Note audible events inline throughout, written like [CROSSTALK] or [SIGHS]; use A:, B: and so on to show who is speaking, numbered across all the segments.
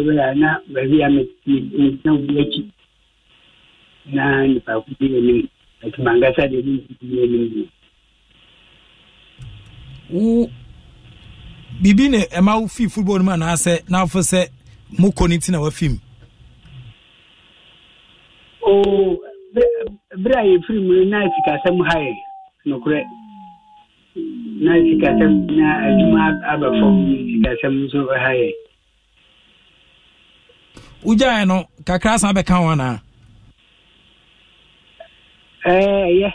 A: ɔbɛyɛ a na baabi a metie nsa wu akyi na nipa ko bi anim ɛti mankasa deɛ ne nsi bi anim bi
B: wo biribi ne ɛma wo fii football no mu anaasɛ n'afo sɛ mokɔ ne ti na wafi mu
C: oo
A: a yɛfiri mu na sikasɛm hae nokorɛ na sikasɛm na adwuma aba fam sikasɛm nso hae
B: wogyaeɛ no kakra san bɛka ho anaa
A: ɛyɛ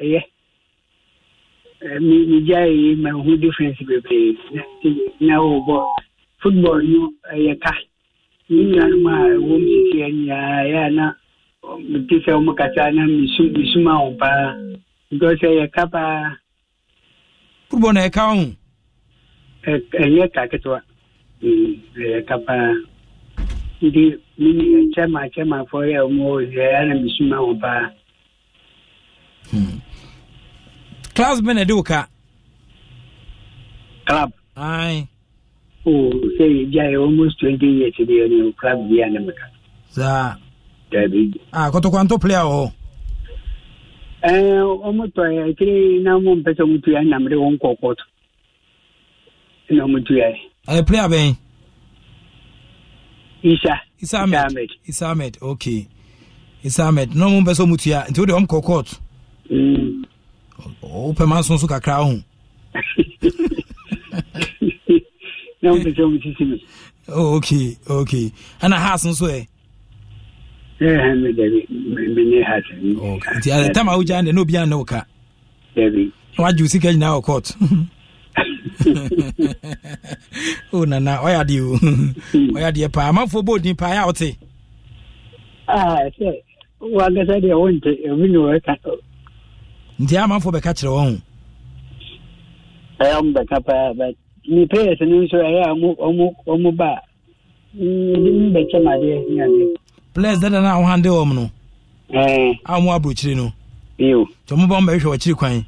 A: ɛyɛ megyae yi mahu difference bebree na wobɔ football no ɛyɛ ka me nuanom a ɛwɔ m sisia yɛ na mete sɛ wom kasa na mesuma wo paa because ɛyɛ ka paa football na ɛka wo ho ɛyɛ ka ketewa mm, ɛyɛ ka paa nti mini nkyɛma kyɛmafo yɛ ɔmo yɛa na mesuma ho paa class o se de wo ka club ai o sɛ gya yɛ almost twenty years deɛ ne club bia ne meka saa dabi
B: ah kɔtɔkwanto player wɔ
A: ɔmo tɔɛ kiri na mo mpɛ sɛ ɔmo tuya na mede wɔn kɔkɔtɔ ɛna ɔmo tuya
B: ɛyɛ player bɛn Isa. Isa Ahmed. Isa Ahmed. Okay. Isa Ahmed. No mo beso mutia. Nti wo de om kɔ court. Mm. O oh, pɛ ma nso nso kakra ho.
A: Na mo beso mutisi mi.
B: Oh, okay, okay.
A: Ana house nso ɛ. Eh, eh me de me ne house. Okay. Nti at the
B: time a wo gya ne no bi an no ka. Debi. Wa ju sika nyina wɔ court. [LAUGHS] oh nana ɔyɛ adeɛ o ɔyɛ hmm. adeɛ paa amanfoɔ bɔ odin paa yɛ a wote
A: ah, sɛ wankasa deɛ wonte ɛmu ne wɔka e
B: nti amanfoɔ bɛka kyerɛ wɔn
A: ɛyɛ e, bɛka paa but prayers e nso ɛyɛ a ɔmo ba a ɛde mbɛkyɛm adeɛ nyade
B: players dada a wohande wɔ no a ɔmo aburokyire no kwan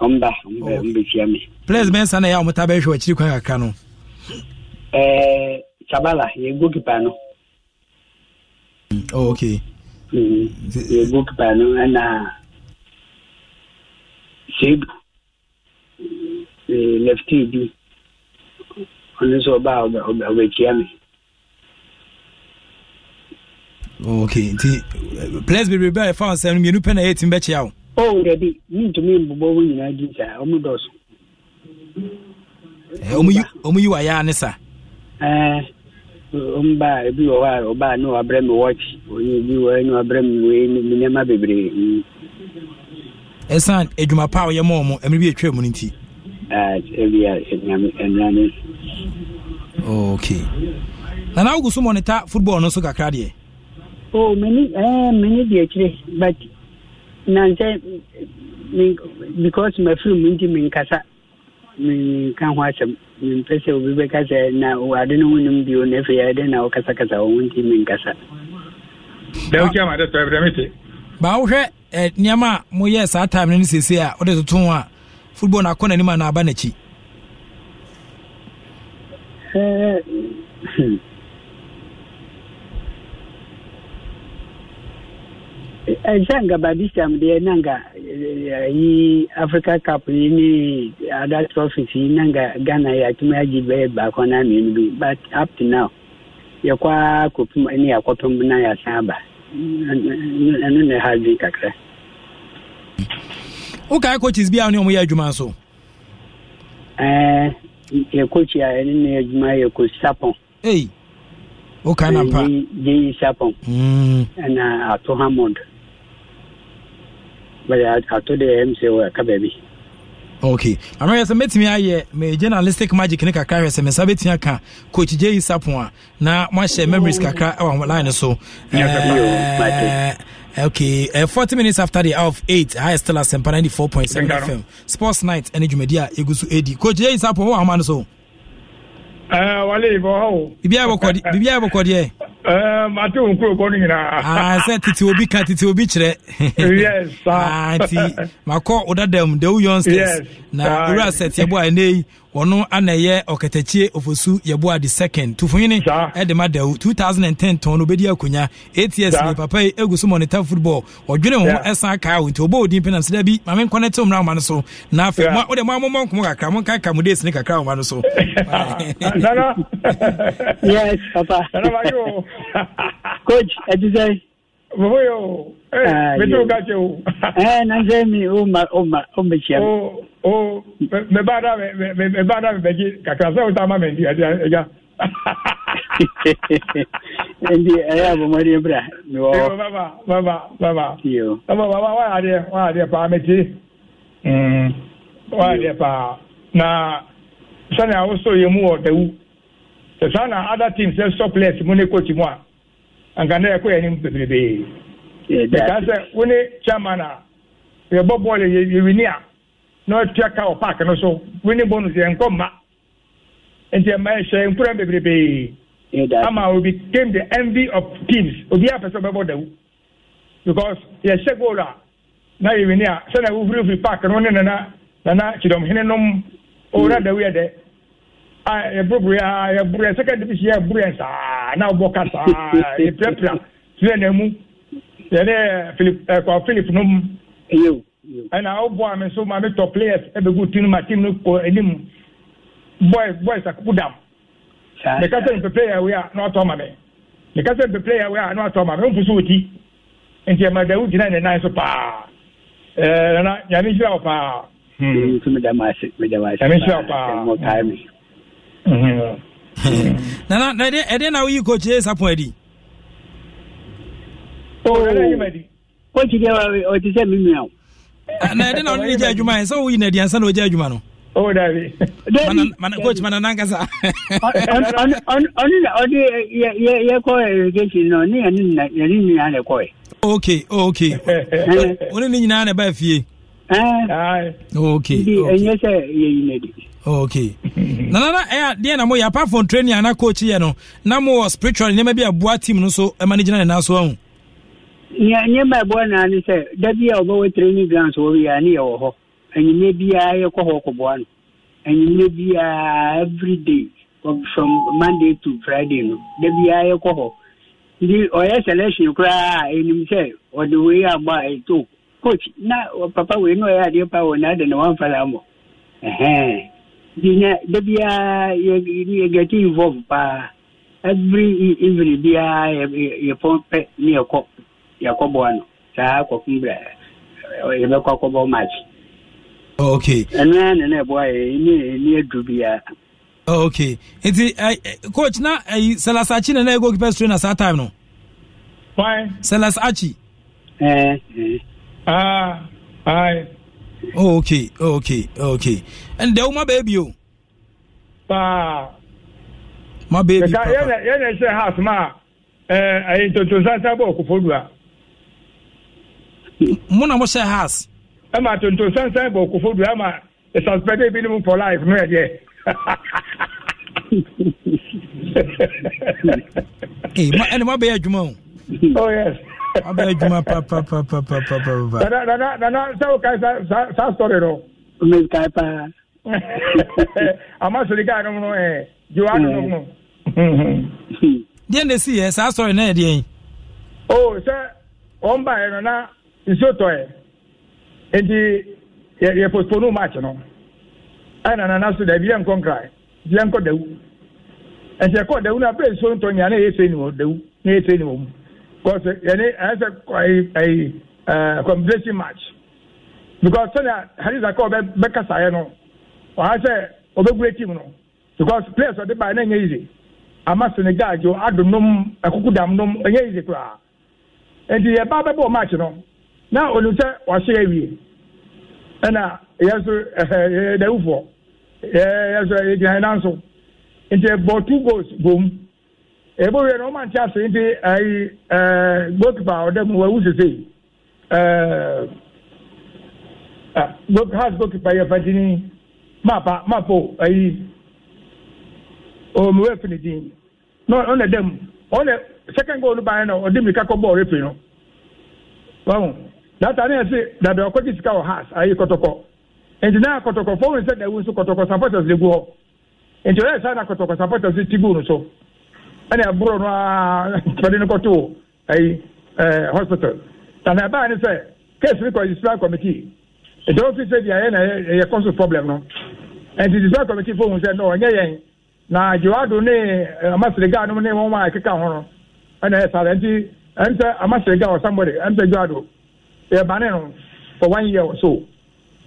A: oh.
B: players bɛn sa na ɛyɛ a wɔn ta bɛhwɛ akyiri kwan kakra no.
A: ɛɛ eh, sabala yɛ goalkeeper no. oh okay. Mm-hmm. yɛ goalkeeper no ɛna seibu lefty bi ɔno nso ɔba ɔbɛkyia mi.
B: okay nti players bebrebe a yɛfa wɔn sɛ no mmienu pɛ na ɛyɛ tim bɛkyia o.
A: o dabi mi ntumi mbobɔ wɔn nyinaa di nsa ɔmo dɔɔso. Eh,
B: yi wa ya ne sa
A: eh, mba ebi wɔ hɔ a ɔbaa ne wabrɛ me watch ɔnyi bi wɔ ne wabrɛ me wei ne me nneɛma bebree
B: ɛsiane mm. adwuma pa a wɔyɛ ma mu ɛmere bi ɛtwa mu no nti
A: ah, ebia ɛnuane
B: ok nana wogu so mɔneta football no so kakra deɛ
A: o oh, mene eh, mene deɛ akyire but nansɛ because mafiri mu nti nkasa. menka ho asɛm mempɛ sɛ obi bɛka na ade no wonim bio na afei ɛdɛn na wokasakasa wɔ ho nti menkasa
B: baa wohwɛ nneɛma a moyɛ saa time no no seesei a wode toto ho a football no akɔ n'anim a naaba n'akyi
A: ɛnhyɛ nka baabi sam deɛ na eh, yi africa cup yi ne ada trophies yi Gana nka ghana yɛ na but up to now yɛkɔ akɔpem ne na yɛasan aba na ɛha dwen kakra
B: wokae coaches bi a eh, ne ya
A: yɛ coach a ɛne ne ya sapon na eh, sapon mm. na ato hamond bɛyɛ atɔ de ɛmsɛ wɔ ɛka baabi
B: okay amerɛ sɛ mɛtumi ayɛ me journalistic magic ne kakra hwɛ sɛ mensa bɛtumi aka coach gye sapo a ah. na moahyɛ memories kakra ah, wɔ line so eh, eh, okay uh, eh, 40 minutes after the hour of 8 I still asempa 94.7 fm sports night ɛne dwumadi a ɛgu so ɛdi coach gye sapo wɔ ahoma no so biribiaa bɔkɔdeɛ mate ehm, wo nkurokɔ no nyinaa ah, sɛ titi obi ka titi obi kyerɛ [LAUGHS] yes ah, nti makɔ wo dadam the woyon stas na owura sɛt yɛboa ɛnɛ yi wɔno ana ɛyɛ ɔkatakyie ofosu yɛboa the second tufoyini ɛde ma and 2010 tɔn no obɛdi akonnwa ats ni papa yi ɛgu so mɔneta football ɛsan kaa wo nti ɔbɔ odin pinam bi mame nkɔ ne tew mmra so na afei mo wode moa kakra so [LAUGHS]
C: [LAUGHS] yes papa
A: coach ẹ ti sẹ. bàbá yẹ o ẹ bẹtẹ o gàjẹ o. ẹ nansẹ mi o ma o ma o ma ṣe. o o mẹ bá dá
D: mẹ mẹ bá dá mẹ bẹ jí kàkà sẹ́wọ́n tá a má mẹ ndí ẹja ẹja. ndi ẹ yà bọ̀ mọ́rí ebira. ẹ bàbá bàbá bàbá. bàbá bàbá wà o dẹ wà á dẹ pa mẹ ti. wà á dẹ pa na sani àwọn sọ yẹ mu wọ Sasa na other teams sɛ stop less mu ne coach mu a anka ne ɛkɔ yɛ anim bebrebee ɛka sɛ wo ne chairman a yɛbɔ bɔɔl yɛwini a na ɔtua ka wɔ park no so winning bonus yɛnkɔ mma nti ɛma ɛhyɛ nkura bebrebee ama o became the envy of teams obi a pɛ sɛ ɔbɛbɔ dawu because yɛhyɛ goal a na yɛwini a sɛnea wofirifiri park no ne nana nana kyerɛmhene nom owura mm. dawu yɛ dɛ yɛbrɛbrɛ a second division philip ɛkɔ philip nom ɛna so ma top players good team my team no kɔ anim boy boy sakuku dam meka sɛ the player wei a na ɔtɔ ma me meka sɛ the player wei a na ɔtɔ ma me mfu so wɔti nti ɛma dawu gyina ne nan so
A: paa ɛɛ
D: nana nyame nhyira wo paa.
A: ɛmi nso mi da maa se mi da Mm-hmm.
B: nana na ɛdɛ na woyi kɔkye yɛ sapɔn adi. Oh. Oh, o ti o ti se awo.
C: na ɛdɛ na adwuma
B: sɛ na ɛdi ansa na adwuma no. o oh, mana nankasa.
A: na ɔde yɛ yɛ kɔ irrigation na ɔne yanni na yanni nyinaa na kɔ yɛ. ok ok
B: ni nyinaa na fie. ok ok. ɛnyɛ
A: sɛ yɛ yi na di. Oh, ok
B: nanana ɛyɛ deɛ na eh, ah, moyɛ apart from training ana coach yɛ no na mowɔ spiritual nneɛma bi aboa team no so ɛma eh, no gyina ne naso ahu
A: nneɛma ɛboa naa ne sɛ da bi a wɔbɛwɔ training ground wɔ wiea ne yɛwɔ hɔ anwummerɛ biara yɛkɔ hɔ kɔboa no anwummerɛ biara every from monday to friday no da biara yɛkɔ hɔ nti ɔyɛ selection koraa a ɛnim sɛ ɔde wei abɔ eto ɛto coach na papa wei na ɔyɛ adeɛ pa wɔ na ade na wamfa la
C: mmɔ
A: yɛnya da biara yɛgɛte involve paa every evening biara yɛpɔn pɛ ne yɛkɔ yɛkɔboa no saa kɔko brɛ yɛbɛkɔ akɔbɔ match okay ɛnoa ne na ɛboa yɛ ne ne adu biara
B: Oh, okay. Nti uh, oh, eh, coach na uh, Salas Achi na na go keeper trainer saa time no. Why? Salas Achi. Eh. Eh. Ah, ai. Oh, ok oh, ok okay oh, okay and the woman baby o. paa. ma baby papa. yẹn na yẹn na ṣe house
D: ma ẹ ẹyin tuntun sansan bọ òkùnfọ dùà. mo na mo ṣe house. ẹ eh, ma tuntun sansan bọ òkùnfọ dùà ẹ ma ẹ bi ni mu for life
B: nù ẹ díẹ. ee ma ẹni ma bẹ yẹ juma o. oh yes abẹ́ ẹ̀dùnmá papapapapapa.
C: dada
D: dada dada sáwọ́ ká sá sọ̀rọ̀ rọ. mi ká pa. àmọ́ [LAUGHS] sori ká nínú ẹ̀ jù á nínú.
C: díẹ̀
B: ndé sí yẹ sá sọ̀rọ̀ náà díẹ̀ yìí. o
D: sẹ wọn bá yẹn nọ na nsí òtọ yẹ nti yẹ yẹ postpone match nọ ẹ eh, nana na so dàbí yẹ nkọ nkra yẹ nkọ dàwú ẹsẹ kọ dàwú náà pé nsọ ntọ nyà náà yẹ fẹ ni wọ dàwú náà yẹ fẹ ni wọ mu. because yɛne ɛyɛ sɛ ɛyi ɛyi competition match because sɛnea hadiza kɔ bɛ yɛ no ɔha sɛ ɔbɛgure team no because players ɔde baeɛ na ɛnyɛ yize ama senegal gye adu nom ɛkoko dam nom ɛnyɛ yize koraa nti yɛba bɛbɔ match no na onim sɛ wɔahyɛ awie ɛna yɛ nso ɛhɛ yɛ dawufoɔ yɛ yɛ nso yɛ gyina yɛ nan so nti bɔ two goals gom. Go ebe owie na ọ ma nche asịrị ntị ayi gokipa ọdem wewu wụsịsị house gokipa yɛ fantini mapa mapo ayi omuwe oh, fini din na ɔna dɛm ɔna second goal ban na ɔde mirika kɔ bɔɔl refi no wɔn data ne yɛsi dabe ɔkɔgye sika wɔ house ayi kɔtɔkɔ nti na kɔtɔkɔ fɔwɔn sɛ na ewu nso kọtọkọ supporters de gu hɔ nti ɔyɛ saa na kɔtɔkɔ supporters ti gu no ɛna ɛboro no aa tɔde no kɔtoo hospital na na ɛbaa ne sɛ case bi kɔ registrar committee ɛdɛ ofin sɛ deɛ na ɛyɛ consul problem no ɛnti registrar committee fohun sɛ no ɔnyɛ yɛn na jewado ne eh, amasiriga no ne wɔn a ɛkeka ho no ɛna ɛyɛ sáré ɛnti ɛnti amasiriga or somebody ɛnti jewado ɛyɛ bane
B: no for one year or so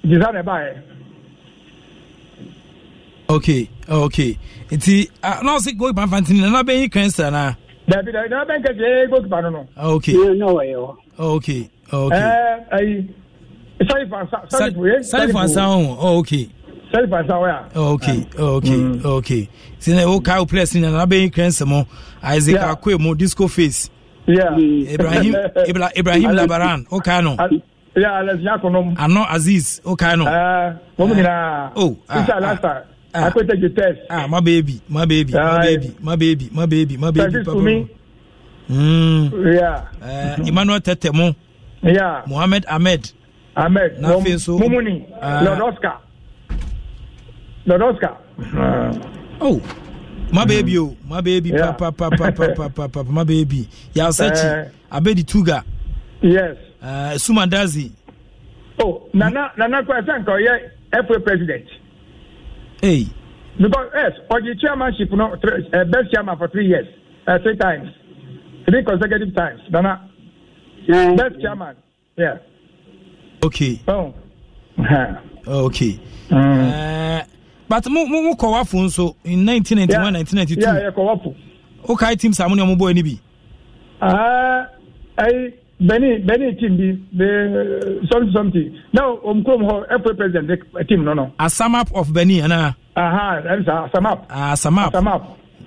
B: registrar na ɛbaa yɛ. okay okay nti ah, na se goal kipa nfa ntini na bɛyi kɛnsa na. dabi dabi na bɛn kɛse goal kipa nono.
A: okay ne wɔ yɛ hɔ. okay
B: okay. ɛɛ eh,
D: ayi salifu salifu ye salifu asanwó
B: oh okay. salifu asanwó ya. okay ah. okay mm. okay sinɛ o kaa o players ni na bɛyi kɛnsa mu isaac akwe mu disco face. Yeah. Ibrahim [LAUGHS] Ibra, Ibrahim Labaran o kaa no. Yeah, Alex Yakunom. Ano Aziz o kaa no. Ɛɛ eh, wɔn nyinaa. Oh, ah, I could take the test. Ah, my baby, my baby, my baby, my baby, my baby, my baby. Papa. Mm. Yeah. Uh, Emmanuel Tetemo. Yeah. Mohammed Ahmed. Ahmed. Na so. Mumuni. Uh, Lord Oscar. Lord Oscar. Uh. Oh. My hmm. baby, oh, my baby, papa, papa, papa, papa, my baby. Yasechi, uh, eh. Abedi Tuga. Yes. Uh, eh, Sumadazi. Oh, Nana, Nana Kwasanko, yeah, FA president.
D: Hey. Because yes, or the chairmanship no uh, best chairman for three years, uh, three times, three consecutive times. Nana, yeah. best chairman. Yeah.
B: Okay. Oh. [LAUGHS] oh. okay. Mm. Uh, but mo mo mo kɔ wafo in 1991, ninety one Yeah, yeah, kɔ wafo. O ka team samu ni ɔmo bɔ ɛni bi. Ɛyi. Uh, I, bɛni bɛni team bi bɛ something something na omukurom um, hɔ ɛfɛ president team nɔnɔ. up of benin ana. Eh, aha ɛnsa asamap. asamap asamap.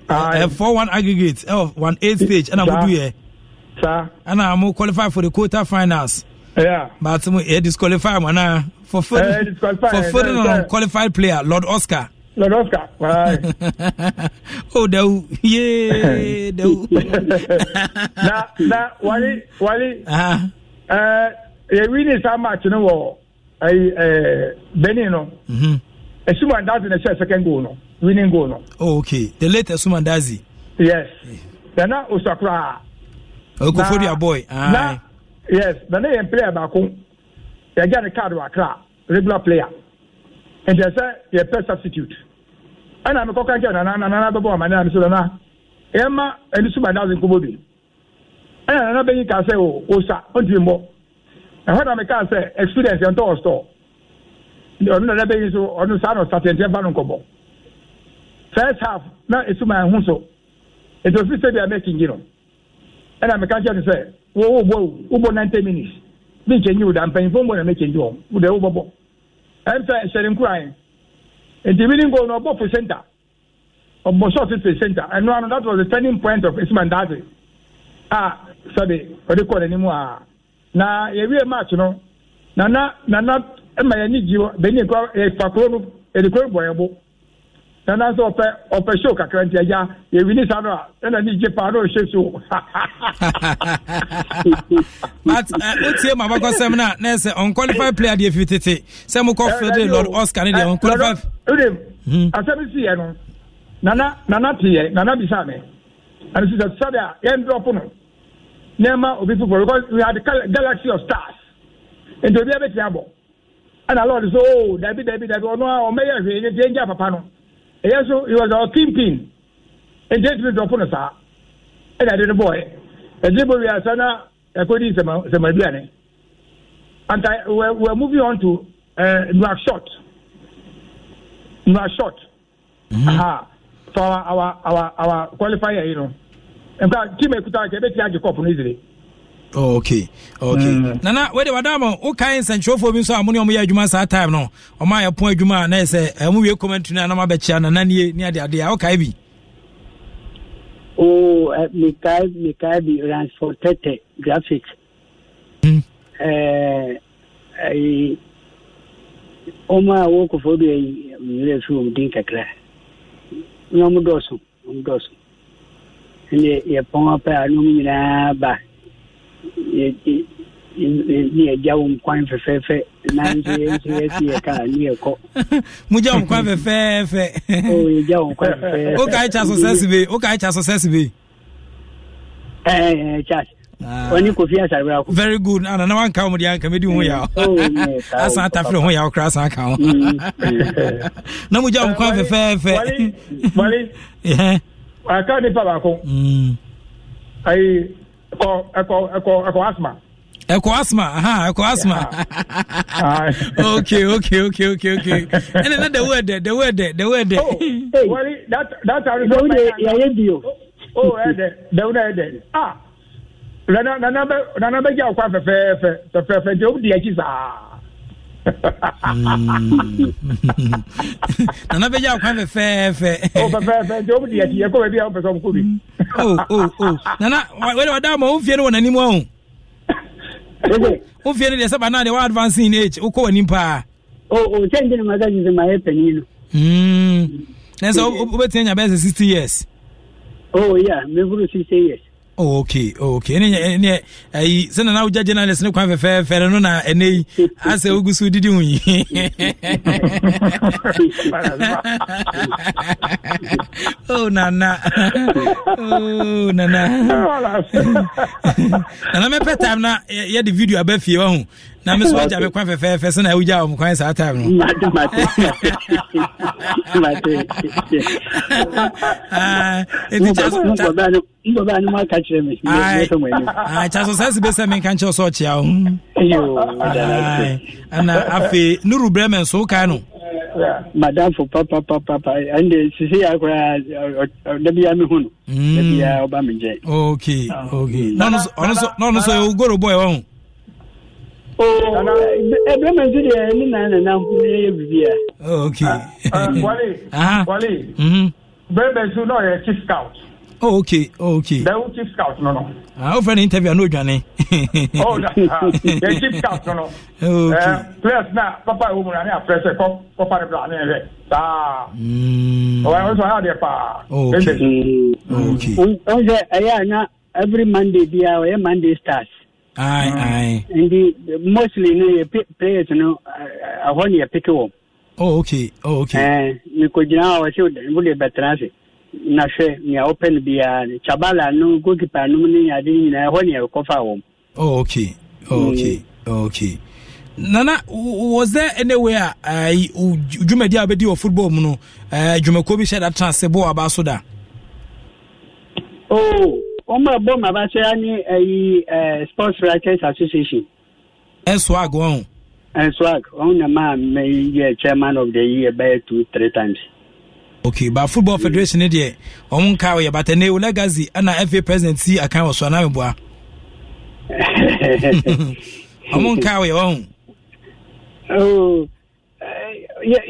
B: ɛ four one aggregate ɛ eh, one eight stage ɛna mo du yɛ. saa. ɛna mo qualify for the quarter finals. Yeah. but mo yɛ eh, disqualify mo ana. for further for further non qualified player lord oscar.
D: Lọ́dọ́sà. Ó dẹ̀wù yéé dẹ̀wù. Na na wali wali. Yẹ̀wí ni sá máa tunu wọ̀ Benin nọ. Mm-hmm. Esumandazi eh, na ṣe second goal nọ winning goal nọ.
B: Oh, okay the late Esumandazi.
D: Yes. Nana Osakura.
B: Okofori oh, boy. Na
D: yes na ne yẹn player baako yẹ gya ne card wa kra regular player. nti ɛsɛ yɛpɛ substitute ɛna nana nana a mesɛ nana yɛma ɛne suma ndaase nkɔbɔ bi ɛna nana bɛyi kaa sɛ o ɔntumi mbɔ ɛhɔ na mekaa sɛ experience ɛntɔ wɔ store ɔno nana so ɔno saa na no nkɔbɔ first half na ɛho so ofi no ɛna sɛ bɔ minutes nyi da mbɔ na ɛnfɛ sɛrinkura yɛ nti bi ni nko na ɔbɔ placenta ɔbɔ short placenta ɛnu ano that was the turning point of isman daze a sɛbi ɔde kɔ n'anim a na yɛwie match no nana nana ɛma yɛ ni gyi hɔ bɛnni nkura ɛfa eh, kuro eh, no ɛdi kuro bɔ yɛ bo nana sɛ ɔpɛ ɔpɛ show kakra nti agya yɛwi ni saa no a ɛna ne gye paa na ɔhyɛ show
B: but wotie ma bakɔsɛm no a na sɛ unqualified player deɛ firi tete sɛ mokɔ frede lord oscar ne eh, eh, deɛ unqualified
D: asɛm siiɛ no nana nana teɛ nana bisa me ɛno sɛ sɛ sɛde a yɛndrɔpo no na ɛma obi foforɔ because we had galaxy of stars nti obi abɛtumi abɔ ɛna lord sɛ o dabi dabi dabi ɔno a ɔmɛyɛ hwee ne deɛ ngya papa no ɛyɛ nso he was our kingpin nti ɛtumi dɔpo no saa ɛna ɛde no bɔɔɛ ɛde bɔ wie asa na ɛkɔdi nsɛmaduane and I, we're, we're moving on to uh, Noah Short. Noah Short. Mhm. Aha. For our, our, our, our qualifier, you know. In fact, team Ekuta, they bet you have the cup easily.
B: Oh, okay okay mm. nana wede wadama wokae nsɛnkyerɛfoɔ bi nso a mo ne ɔmo adwuma saa time no ɔma a yɛpon adwuma a na yɛ sɛ ɛmo wie commentary no a na abɛkyia nana nie ne adeadeɛ a wokae bi
A: oh, uh, mekae mekae bi ransford tɛtɛ graphic mm. I, ɔmo a wɔkɔfoɔ bi ayi mmerɛ fi wɔm din kakra na ɔmo dɔɔso ɔmo dɔɔso ɛne yɛpɔn apɛ a ne ɔmo nyinaa ba ne yɛgya wo nkwan fɛfɛɛfɛ nanso yɛnso yɛsi yɛ kaa ne yɛkɔ
B: mogya wo nkwan fɛfɛɛfɛ wokae kya so sɛ sebe very good ana na wanka wo mode anka mɛdi ho yaw asan atafere ho yaw kora asan ka ho na mogya wo nkwan fɛfɛɛfɛ aka nipa baako
D: ɛkɔ ɛkɔ ɛkɔ ɛkɔ asma.
B: ɛkɔ asma aha ɛkɔ asma okay okay okay okay okay ɛnna na the word the word the
C: word. oh
D: hey wari that that are so many. yàyé bi o. oh ɛdɛ dɛwù náà
B: ɛdɛ ah
D: nana nana bɛ nana bɛ jẹ ọkọ afẹfẹẹfẹ fẹfẹẹfẹ jẹ o di ẹkí sáà
B: nana bɛ yà kwan fɛfɛɛfɛ. o fɛfɛɛfɛ nti o bɛ tiɲɛ tiɲɛ ko bɛ bi yan o sɔn ko bi. o o o nana wale wa d'a ma o fiyɛ ni wa nani mu ahun. o fiyɛ ni de saba n'a wa advance in de o ko wa ni paa.
A: o o cɛ in tɛ ma kɛ ɲinɛ ma ye pɛni na.
B: nɛsɛ o bɛ tiɲɛ ɲa bɛ se sixty years. o ya n bɛ furu sixty years. Oh, okay oh, okay ɛne ɛne ayi sɛnɛ na wogya journalist ne kwan fɛfɛɛfɛ no na ɛnɛ yi asɛ wogu so didi wo yi [LAUGHS] oh nana oh nana nana mɛpɛ time na yɛde video aba fie wa ho na me so agya me kwan fɛfɛɛfɛ sɛ na wogya wɔ m kwan saa time no
A: ah,
B: kyɛ so saa si bɛsɛ menka nkyɛw sɛ ɔkyea wo ana afei ne rubrɛ me nso wokae no
A: madamfo papapapapa ɛnde sisi akora da bia me hu no da bia ɔba me gyɛ
B: ok ah. ok na
A: ɔno so yɛwo goro bɔɛ wɔ ho ɛbrɛ ma nso deɛ ne na nana yɛ biribia
D: wale bɛbɛ so na ɔyɛ oh, ah, ah, uh-huh. mm-hmm. chief scout Oh, okay, oh, okay. The chief
B: scout, no, no. Ah, offer an interview, no, Johnny. [LAUGHS] oh, that's uh, the chief scout, no, no. [LAUGHS]
D: Oh, okay. Uh, eh, plus, now, Papa, woman, I have pressure, Papa, the brand, and eh. Ah. Mm.
A: Oh, I also had a pa.
D: Oh, okay.
C: Mm.
A: Okay. Okay. Oh, every Monday, be our eh, Monday starts. Aye, ah. aye. And the mostly no yɛ players no ahɔ ah, ni yɛ peke up.
B: oh okay oh okay. ɛɛ
A: eh, nkogyina hɔ show. wuli bɛtɛn ase na hwɛ nea ɔpɛ no biara no kyabala no goalkeeper no ne ade nyinaa ɛhɔ ni yɛ kɔfa wɔm. oh okay oh mm. okay oh okay.
B: Nana, was there any way a dwumadi a wobɛdi wɔ football mu no dwumakuo eh, bi hyɛ da transebo aba so da?
A: Oh, wọn bá bọ màbá sẹ ẹ ní ẹyí sports writers association. ẹ swag wọn. ẹ swag wọn na máa mẹ yẹ chairman of the year bẹẹ two three times.
B: okay ba football federation deɛ wɔn nka yɛ bata ne legacy ɛna fa president si akan wɔ so
A: anam ebua wɔn nka yɛ wɔn.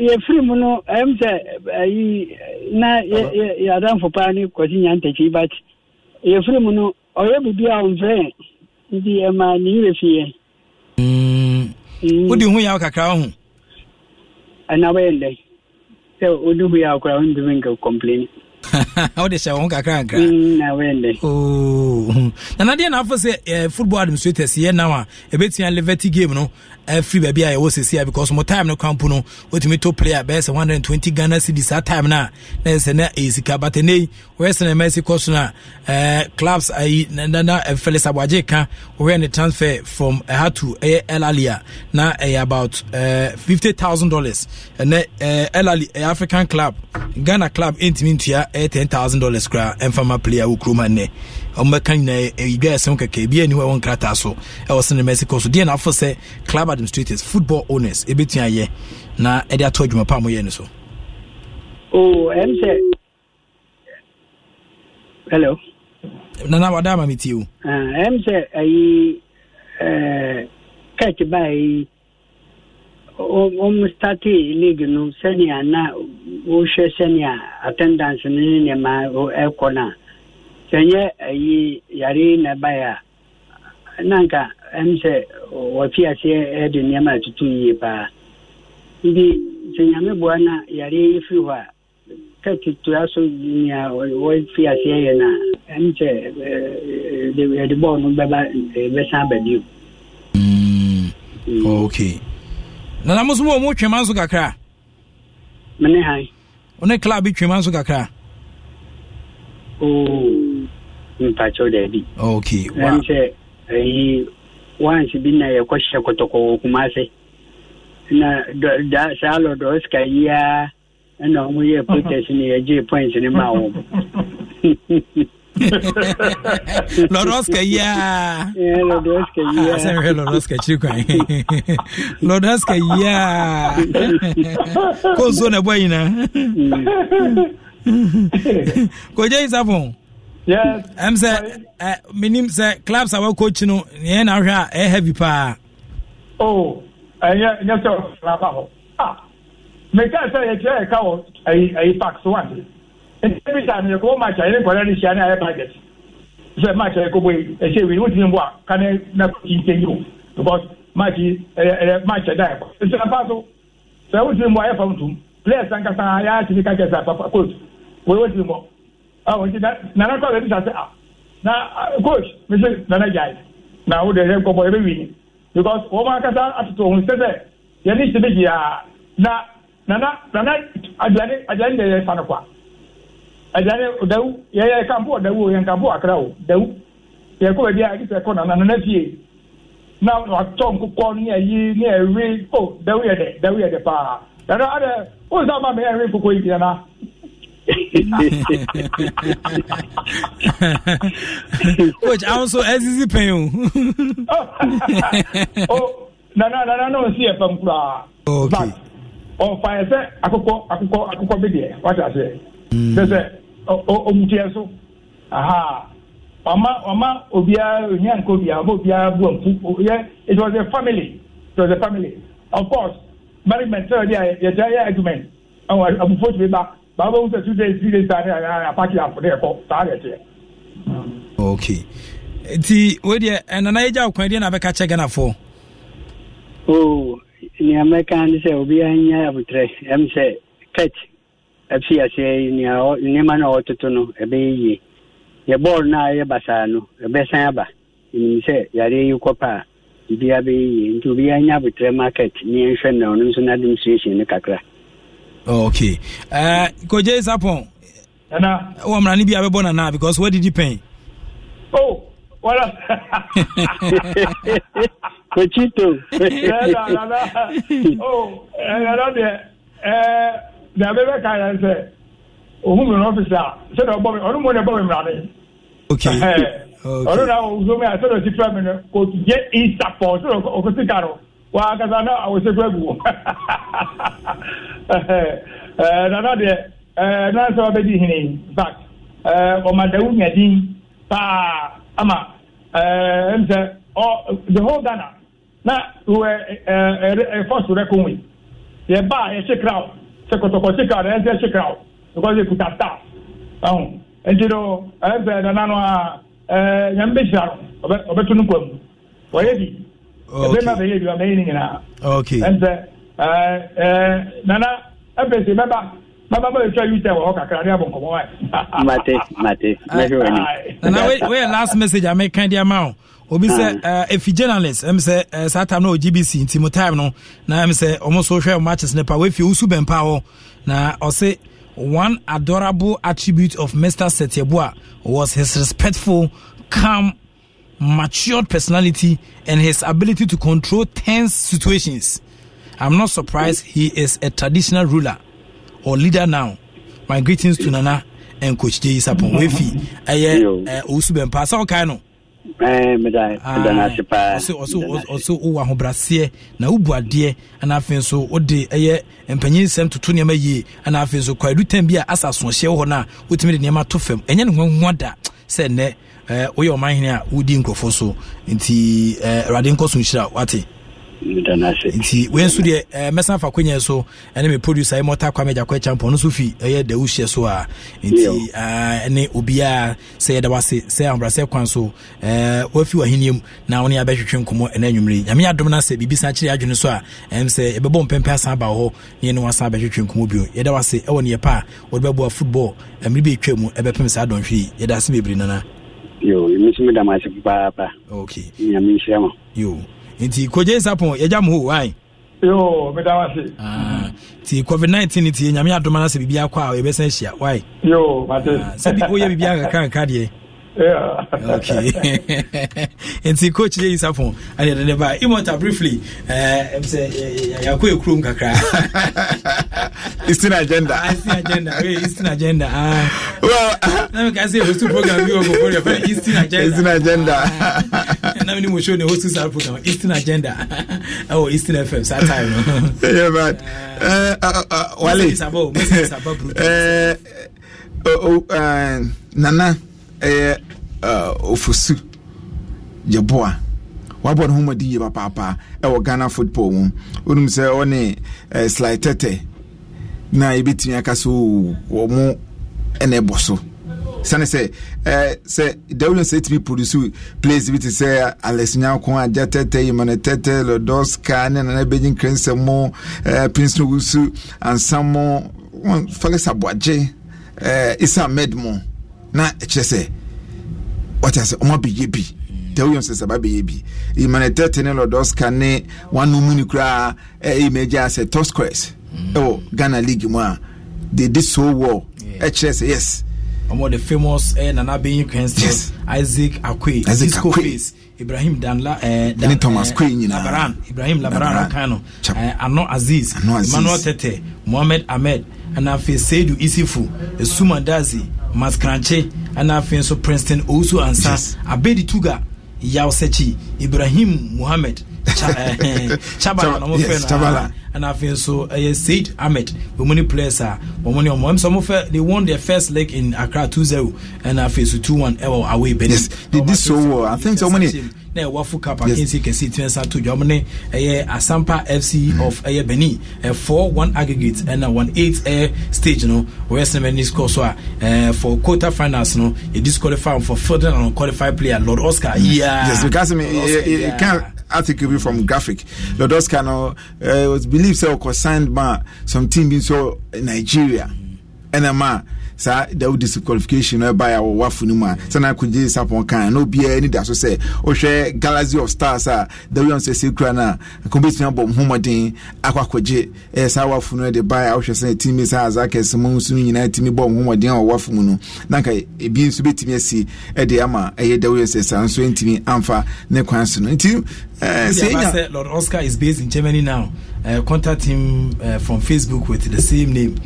A: yɛfiri mu no ɛm sɛ ayi na yɛ yɛ adanfo paa ne kɔsi nyantakyi bati yɛfiri mu no ɔyɛ biribi a ɔmfrɛ nti ɛma ne werɛ fiiɛ mm. mm. wode hu yɛ kakra ho ɛna wobɛyɛ ndɛ sɛ wode hu yɛ akora wontumi nka complain [LAUGHS] wode hyɛ wo ho kakra nkra mm,
B: [LAUGHS] nana deɛ naafo sɛ eh, football administrators yɛ now a ɛbɛtua liberty game no afiri eh, baabi a yɛwɔ sesia because mo time no kampo no wɔtumi to player bɛyɛ sɛ twenty ghana cedi saa time no a na ɛsɛ na ɛyɛ sika but ɛnɛ wɔyɛ sɛ na ɛmasi kɔ so no eh, clubs ayi nana felis abɔagye ka wɔyɛ ne transfer from ɛha to ɛyɛ Elalia na ɛyɛ about fifty thousand $50000 ɛnɛ elali african club ghana club ɛntumi ntua ɛyɛ ten thousand dollars kora ɛmfama player wɔ kurom anɛ ɔmo bɛka nyinaa edwa ɛsɛn kɛkɛ ebi ɛni hɔ ɛwɔ nkrataa so ɛwɔ sɛ ne mexico so deɛ n'afɔ sɛ club administrators football owners ebetua yɛ na ɛde ato adwuma pa a mo yɛ ne so.
A: oo oh, ɛm sɛ hello. nana
B: wada ama mi tie o.
A: Ah, ɛm sɛ ayi ɛɛ kɛɛkye baa yi o wɔmstate league no sɛnea na wohwɛ sɛnea attendance no ne nneɛma ɛkɔ e no a sɛ nyɛ ayi yare na bae a e e na nka ɛm sɛ wɔte aseɛ ɛde nneɛma atutu yie paa nti sɛ me boa na yare yi firi hɔ a kɛtetua so nea wɔfi aseɛ yɛ no a ɛm sɛ yɛde bɔɔl no bɛba bɛsan ba bio
C: mm. mm.
A: okay nana mo nso mo mo twema nso kakra. mene han.
B: one club bi twema nso kakra.
A: ooo ok wa ɛn sɛ ɛyi wansi bi na yɛ kɔhyɛ kɔtɔkɔ kumase na dɔ da saa lɔ dɔ sika yia ɛna wɔn yɛ protest ni yɛ gye points ni ma [LAUGHS] lọ́dọ̀ ọ̀sìkà yìí aa lọ́dọ̀ ọ̀sìkà yìí aa sẹ́yìn rẹ̀ lọ́dọ̀ ọ̀sìkà kyiri kwan
B: lọ́dọ̀ ọ̀sìkà yìí aa kó nsuo na ẹ̀bọ yìí na kò jẹ́ ìsàfọ̀ ẹ̀m sẹ́ ẹ̀ mìíní sẹ́ clubs àwọn coach no yẹn náà hwẹ́ a ẹ̀ heavy o ẹ̀yẹ ẹ̀yẹ sọ̀rọ̀ fúnra bá wọ̀ ah mẹ̀ká sẹ́ yẹ kí ẹ̀ ká wọ̀
D: ẹ̀yí park so wà ní every time yɛ kɔ match a yɛ nkɔla ne hyia ne budget sɛ match a yɛ kɔ bɔ yi ɛhyɛ wi wotumi bɔ a kane na kɔkyi because match yi match ɛda yɛ kɔ nsɛn pa so sɛ wotumi bɔ ayɛ fam tum players ankasa yɛ atumi ka kyɛ sɛ papa coach wo wotumi bɔ awo nti na nana kɔ bɛ bisa sɛ a na coach mi sɛ nana gya yi na o de yɛ nkɔ bɔ yɛ bɛ wi ni because wɔn ankasa atoto ohun sɛ sɛ yɛ ne hyɛ ne gyi a na nana nana aduane aduane de yɛ fa no kwa. agyare dawu yɛyɛ kampo dawu yɛn kampo akra o dawu yɛkɔ baabi a yɛde sɛ ɛkɔ nana nana fie na watɔ nkokɔ ne ayi ne o dawu yɛ dɛ dawu yɛ dɛ paa dada adɛ o nsa ma nkokɔ yi na.
B: coach so o. o
D: si ok ɔmuteɛ so aha ɔma ɔma obiara ohia nka obiara ɔma obiara bu ampu yɛ it was a family it was a family of course management sɛ ɔde a yɛtɛ yɛ argument ɔwɔ abufo tibi ba baabu ohun sɛ two days three days saa ne ayɛ apaki afɔ ne ɛkɔ saa de ɛteɛ.
B: okay nti wodeɛ ɛnana eh, yɛgya okwan deɛ na bɛka kyɛ ghanafoɔ
A: oh, nea mɛka ne sɛ obiara nyɛ abotrɛ ɛm sɛ kɛkyi ɛfi ase nea nneɛma na ɔtoto no ɛbɛyɛ yie yɛ bɔɔl na ayɛ basaa no ɛbɛsan e aba nim sɛ yareɛ yi kɔ pa a bia bɛyɛ yie nti obi anya abotrɛ market ne yɛnhwɛ na ɔno nso n'administration no kakra
B: okay uh, eh, kogye sapɔn ɛna wɔ mmara no bi a bɛbɔ nanaa because wadidi pɛn
D: oh wala
B: [LAUGHS] kochito ɛna
D: [LAUGHS] nana [LAUGHS] oh ɛna eh, na bɛbɛ ka yɛn sɛ ohun mi n'ɔfisi a sɛdeɛ ɔbɔ mi ɔno mu na ɛbɔ mi mìíràn ɔno na ɔwusu mi a sɛdeɛ ɔsi fɛ mi no kò yɛ isapɔ sɛdeɛ ɔkò si ka no wa kasa na awosɛ fɛ gu ɛɛ nana deɛ ɛɛ nansi wa bɛ di hinɛ back ɛɛ ɔmadawu nyadin paa ama ɛɛ n sɛ ɔ the whole ghana na wɛ ɛɛ ɛɛ force rɛ kun wi yɛ ba yɛ se crowd sɛ kɔtɔkɔhyika na ɛnsɛ hyika o because ekuta star ɛho nti no ɛfɛ nana a ɛɛ nyame bɛ hyira no ɔbɛ ɔbɛto no kwam wɔyɛ bi ɛbɛma bɛyɛ bi ɔbɛyɛ ne nyinaa ɛnsɛ ɛɛ ɛɛ nana ɛfɛ sɛ bɛba bàbá bá yóò tún
A: ẹyú tẹ wọ kakra ní abọ̀nkọ̀mọ́ wa. mate mate mẹ́fẹ́ wẹ̀ ni. nana wey
B: wey last message àmì kẹ́ndíàmá o obi sɛ ɛfi ah. eh, journalist ɛm sɛ eh, saa time na ɔgbc nti mu time no na ɛm sɛ ɔmo so hwɛ matches no wefi wɔafi wosu bɛmpa hɔ na ɔse one adorable attribute of mr setiabua was his respectful calm matured personality and his ability to control tense situations i'm not surprised he is a traditional ruler or leader now my greetings to nana and coach jay sapon wefi ɛyɛ eh, owusu bɛmpa sɛ ɔkae
A: no Eh, ah,
B: ɔsɛ wowɔ ahobraseɛ na wobu adeɛ ana afei nso wode ɛyɛ mpanyinsɛm toto nneɛma yie ana afei nso kwaadu tam bi a asa asoɔhyɛ wɔ hɔ no a wotumi de nneɛma to fam ɛnyɛ ne hoahoa da sɛ nnɛ eh, woyɛ ɔmanhene a wodi nkurɔfoɔ so nti eh, awurade nkɔ so nhyira wate nti wei nso deɛ eh, mɛsan fa kwenya so ɛne me producer yi mɔta kwa mɛgya kwɛkya mpɔ no so fi ɛyɛ da wohyɛ so a nti eh, ɛne obiaa sɛ yɛda wase sɛ ambrasɛ kwan so eh, wafi wahenniam na wo ne yɛbɛhwehwe nkɔmmɔ ɛna anwummere yi nyame adom no sɛ biribi san kyerɛ adwene so a ɛm sɛ yɛbɛbɔ mpɛmpɛ asan ba hɔ ne yɛne wasan bɛhwehwe nkɔmmɔ bio yɛda wase ɛwɔ neyɛ pa a wɔde bɛboa football mmere bi ɛtwa mu ɛbɛpem nana
A: yo mesomedam ase paapa okay nyame nhyira ma yo nti
B: kogye sapon yɛgya mo ho ai yo meda wase ah, nti covid-19 nti nyame adoma no sɛ biribi akɔ a yɛbɛsan ahyia wai yo mate ah, sɛ bi woyɛ biribi akakanka deɛ Yeah. okay. [LAUGHS] Nti coach yɛ isa pon ɛna ɛdɛ ba imota briefly ɛɛ ɛm sɛ yako ekurum kakra. Eastern [LAUGHS] agenda. Eastern ah, agenda Eastern agenda. Ah. Well. Na mi ka se hostu program bi wɔ kɔkɔ de fɛ Eastern agenda. Eastern agenda. Na mi ni mo show ne hostu sa program Eastern agenda ɛwɔ Eastern
E: FM saa time. [LAUGHS] Yeah man. Ɛɛ ah. uh, uh, uh, Wale. Mo se Ɛɛ Nana ɛyɛ uh, ofosu yɛboa wabɔ ne ho mɔden yie papaapaa ɛwɔ ghana football mu wonim sɛ ɔne uh, sli tɛtɛ na yɛbɛtumi aka so wɔ mo ɛna ɛbɔ so sani sɛ ɛɛ uh, sɛ dawulo sɛ etimi produce place bi ti sɛ alex nyanko aja tɛtɛ yimane tɛtɛ lɔdɔska ne nana ebegye nkrɛnsɛmo ɛɛ prince nugusu ansamo falisa buagye ɛɛ isa medmo na ɛkyerɛ sɛ wata sɛ ɔma bɛyɛ bi tɛ williams sɛ saba bɛyɛ bi emmanuel ne lodosca ne wano mu ne koraa ɛyɛ mɛgya sɛ toscres mm. ɛwɔ ghana league mu a they did so well ɛkyerɛ sɛ yes ɔmɔ de famous eh, nana benyin kwensil isaac
B: akwe isaac Cisco akwe ibrahim danla eh, dan, ne thomas kwe nyinaa labaran ibrahim labaran ɔkan no eh, ano aziz ano aziz emmanuel tete mohammed ahmed ɛna afei seidu isifu esuma dazi maskranche ɛna afei nso princeton owusu ansa abedi tuga yaw sɛkyi ibrahim muhammad Eh, eh, chabala na ɔmo fɛ na ɛna afei nso ɛyɛ said ahmed We money players a ɔmo ne ɔmo ɛmu they won their first leg in accra two zero ɛna afei so two one ɛwɔ eh, away benin. yes they did
E: so well i think so many. ne.
B: na ɛwɔ afo cup akensi kɛse tiɛ to dwa ɔmo ne ɛyɛ asampa fc hmm. of ɛyɛ Beni. ɛ four one aggregate ɛna one eight ɛyɛ stage no ɔyɛ sinimani score so a ɛɛ for quarter finals no yɛ disqualify for further unqualified player
E: lord oscar. Yeah. yes because mi kan article from graphic cano eh, was believed sɛ ɔkɔ signed ma some team bi so nigeria ɛna ma saa dawo disqualification eh, no ɛbaeɛ a wɔwɔ afo no mu a sɛna akɔgye sapɔn kan na obiara ani da so sɛ wohwɛ galaxy of stars a dawion sɛ sɛ kura no a kɔmbɛtumi abɔ mo homɔden akɔ akɔgye ɛyɛ saa wafo no de baeɛ a wohwɛ sɛ timi sɛ aza kɛse mu nso no nyinaa tumi bɔ mo homɔden a wɔwɔ afo mu no na nka ebi nso bɛtumi asi ɛde ama ɛyɛ dawion sɛ saa nso ntumi amfa ne kwan no nti Eh,
B: Lord Oscar is based in Germany now. Uh, contact him uh, from Facebook with the same name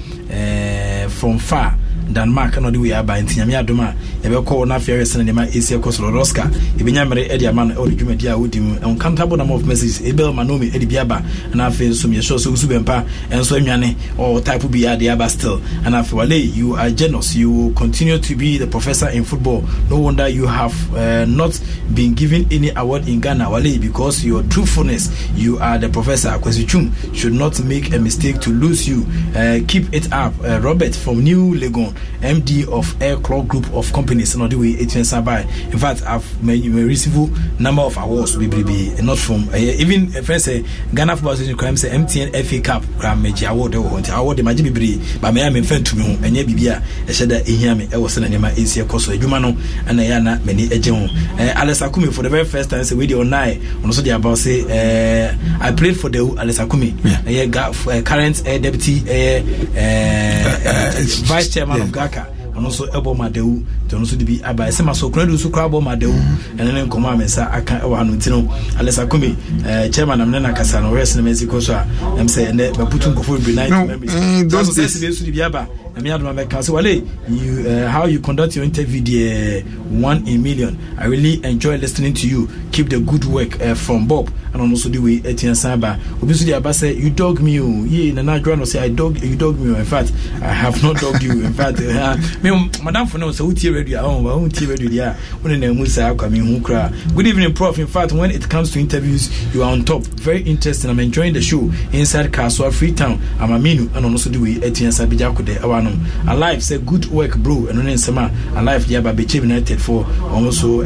B: from far denmark na ɔde wei aba nti nyame adom a yɛbɛkɔ no afei awɛ sɛne nneɛma ɛsi ɛkɔ soro roska ɛbɛnya mmerɛ ɛde ama no ɔde dwumadi a wodi mu uncountable number of messages ɛbɛl ma nomi ɛde bi aba ana afei nso meyɛsure sɛ wosu bɛmpa ɛnso anwane ɔwɔ type bi ade aba still ana afei wale you are generous you will continue to be the professor in football no wonder you have uh, not been given any award in ghana wale because your truthfulness you are the professor akwasichum should not make a mistake to lose you uh, keep it up uh, robert from new legon no md of Air airclaw group of companies na ɔde wei ɛtumi san in fact i've may, may receive number of awards bebrebe not from uh, even uh, friend uh, ghana football association kora mi sɛ mtn fa cup kora mɛgye award ɛwɔ hɔ nti award ma gye bebree ba mɛ yɛ mɛmfa ntumi ho ɛnyɛ biribi a ɛhyɛ da ɛhia me ɛwɔ sɛ na nneɛma ɛnsi ɛkɔ so adwuma no ɛna ɛyɛ ana m'ani agye ho ɛɛ alex akumi for the very first time sɛ wei deɛ ɔnae ɔno nso deɛ aba sɛ ɛɛ i played for the alex akumi ɛyɛ uh, ga uh, current uh, deputy uh, uh, uh, vice chairman. i yeah. of Gaka. ɔno nso ɛbɔ madawu nti ɔno nso de bi aba ɛsɛ ma so ɔkunadu nso koraa bɔ madawu ɛne ne nkɔmɔ a me aka ɛwɔ ano nti no alɛsa ɛɛ eh, chairman am na kasa no ɔyɛ sinima esi kɔ so a ɛm sɛ ɛnɛ bɛputu nkɔfo bebree naa eh, ɛtuma bi so sɛ so wale you uh, how you conduct your interview deɛ one in million i really enjoy listening to you keep the good work uh, from bob ɛna ɔno nso de wei ɛtia san ba obi nso de aba sɛ you dog me o oh. yee nana adwa no sɛ i dog you dog me o oh. in fact i have not dog you in fact uh, [LAUGHS] me madamfo no sɛ wotie radio a wotie radio deɛ a na mu good evening prof in fact when it comes to interviews you are on top very interesting i'm enjoying the show inside Kasua Freetown amaminu ɛna ɔno and de wei atua nsa bɛgya akodɛ ɛwa nom alive say good work bro And ne nsɛm a alive deɛ aba bɛkyɛ united for ɔno so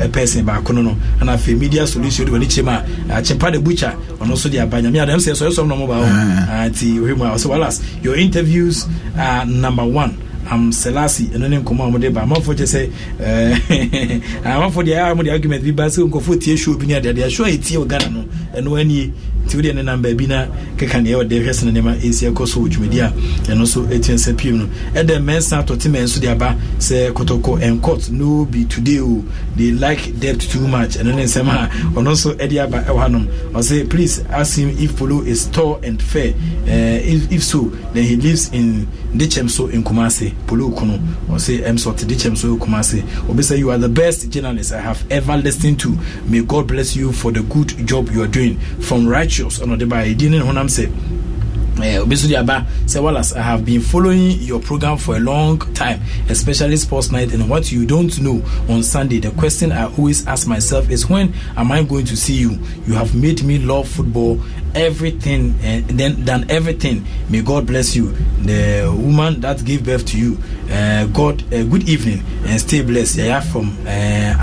B: no no media solution de wani kyerɛ a akyempa de butcher ɔno nso de aba nyame adam sɛ ɛsɔyɛ sɔm no mo ba wo nti ohwɛ mu a ɔsɛ your interviews are number one am selasi ɛno ne nkɔmmɔ a mode ba amanfoɔ kyɛ sɛ amanfoɔ deɛ a mode argument bi ba sɛ nkɔfoɔ tie show bi ne adeadeɛ show a ɛtie wɔ ghana no ɛno anie nti wodeɛ ne na keka neɛ wɔde hwɛ sene nneɛma ɛsi so dwumadi a ɛno nso ɛtua sɛ no ɛdɛ tɔte de aba sɛ and court no be today o they like debt too much ɛno ne nsɛm a ɔno nso ɛde aba ɛwɔ hanom ɔsɛ please ask him if polo is tall and fair uh, if, if so then he lives in so polo kunu ɔsɛ ɛm sɔ te so obi sɛ you are the best journalist i have ever listened to may god bless you for the good job you are doing from pictures de ba ɛdi ne aba Wallace I have been following your program for a long time especially sports night and what you don't know on Sunday the question I always ask myself is when am I going to see you you have made me love football everything and eh, then than everything. May God bless you. The woman that gave birth to you, uh, God, uh, good evening and stay blessed. Yeah, from uh,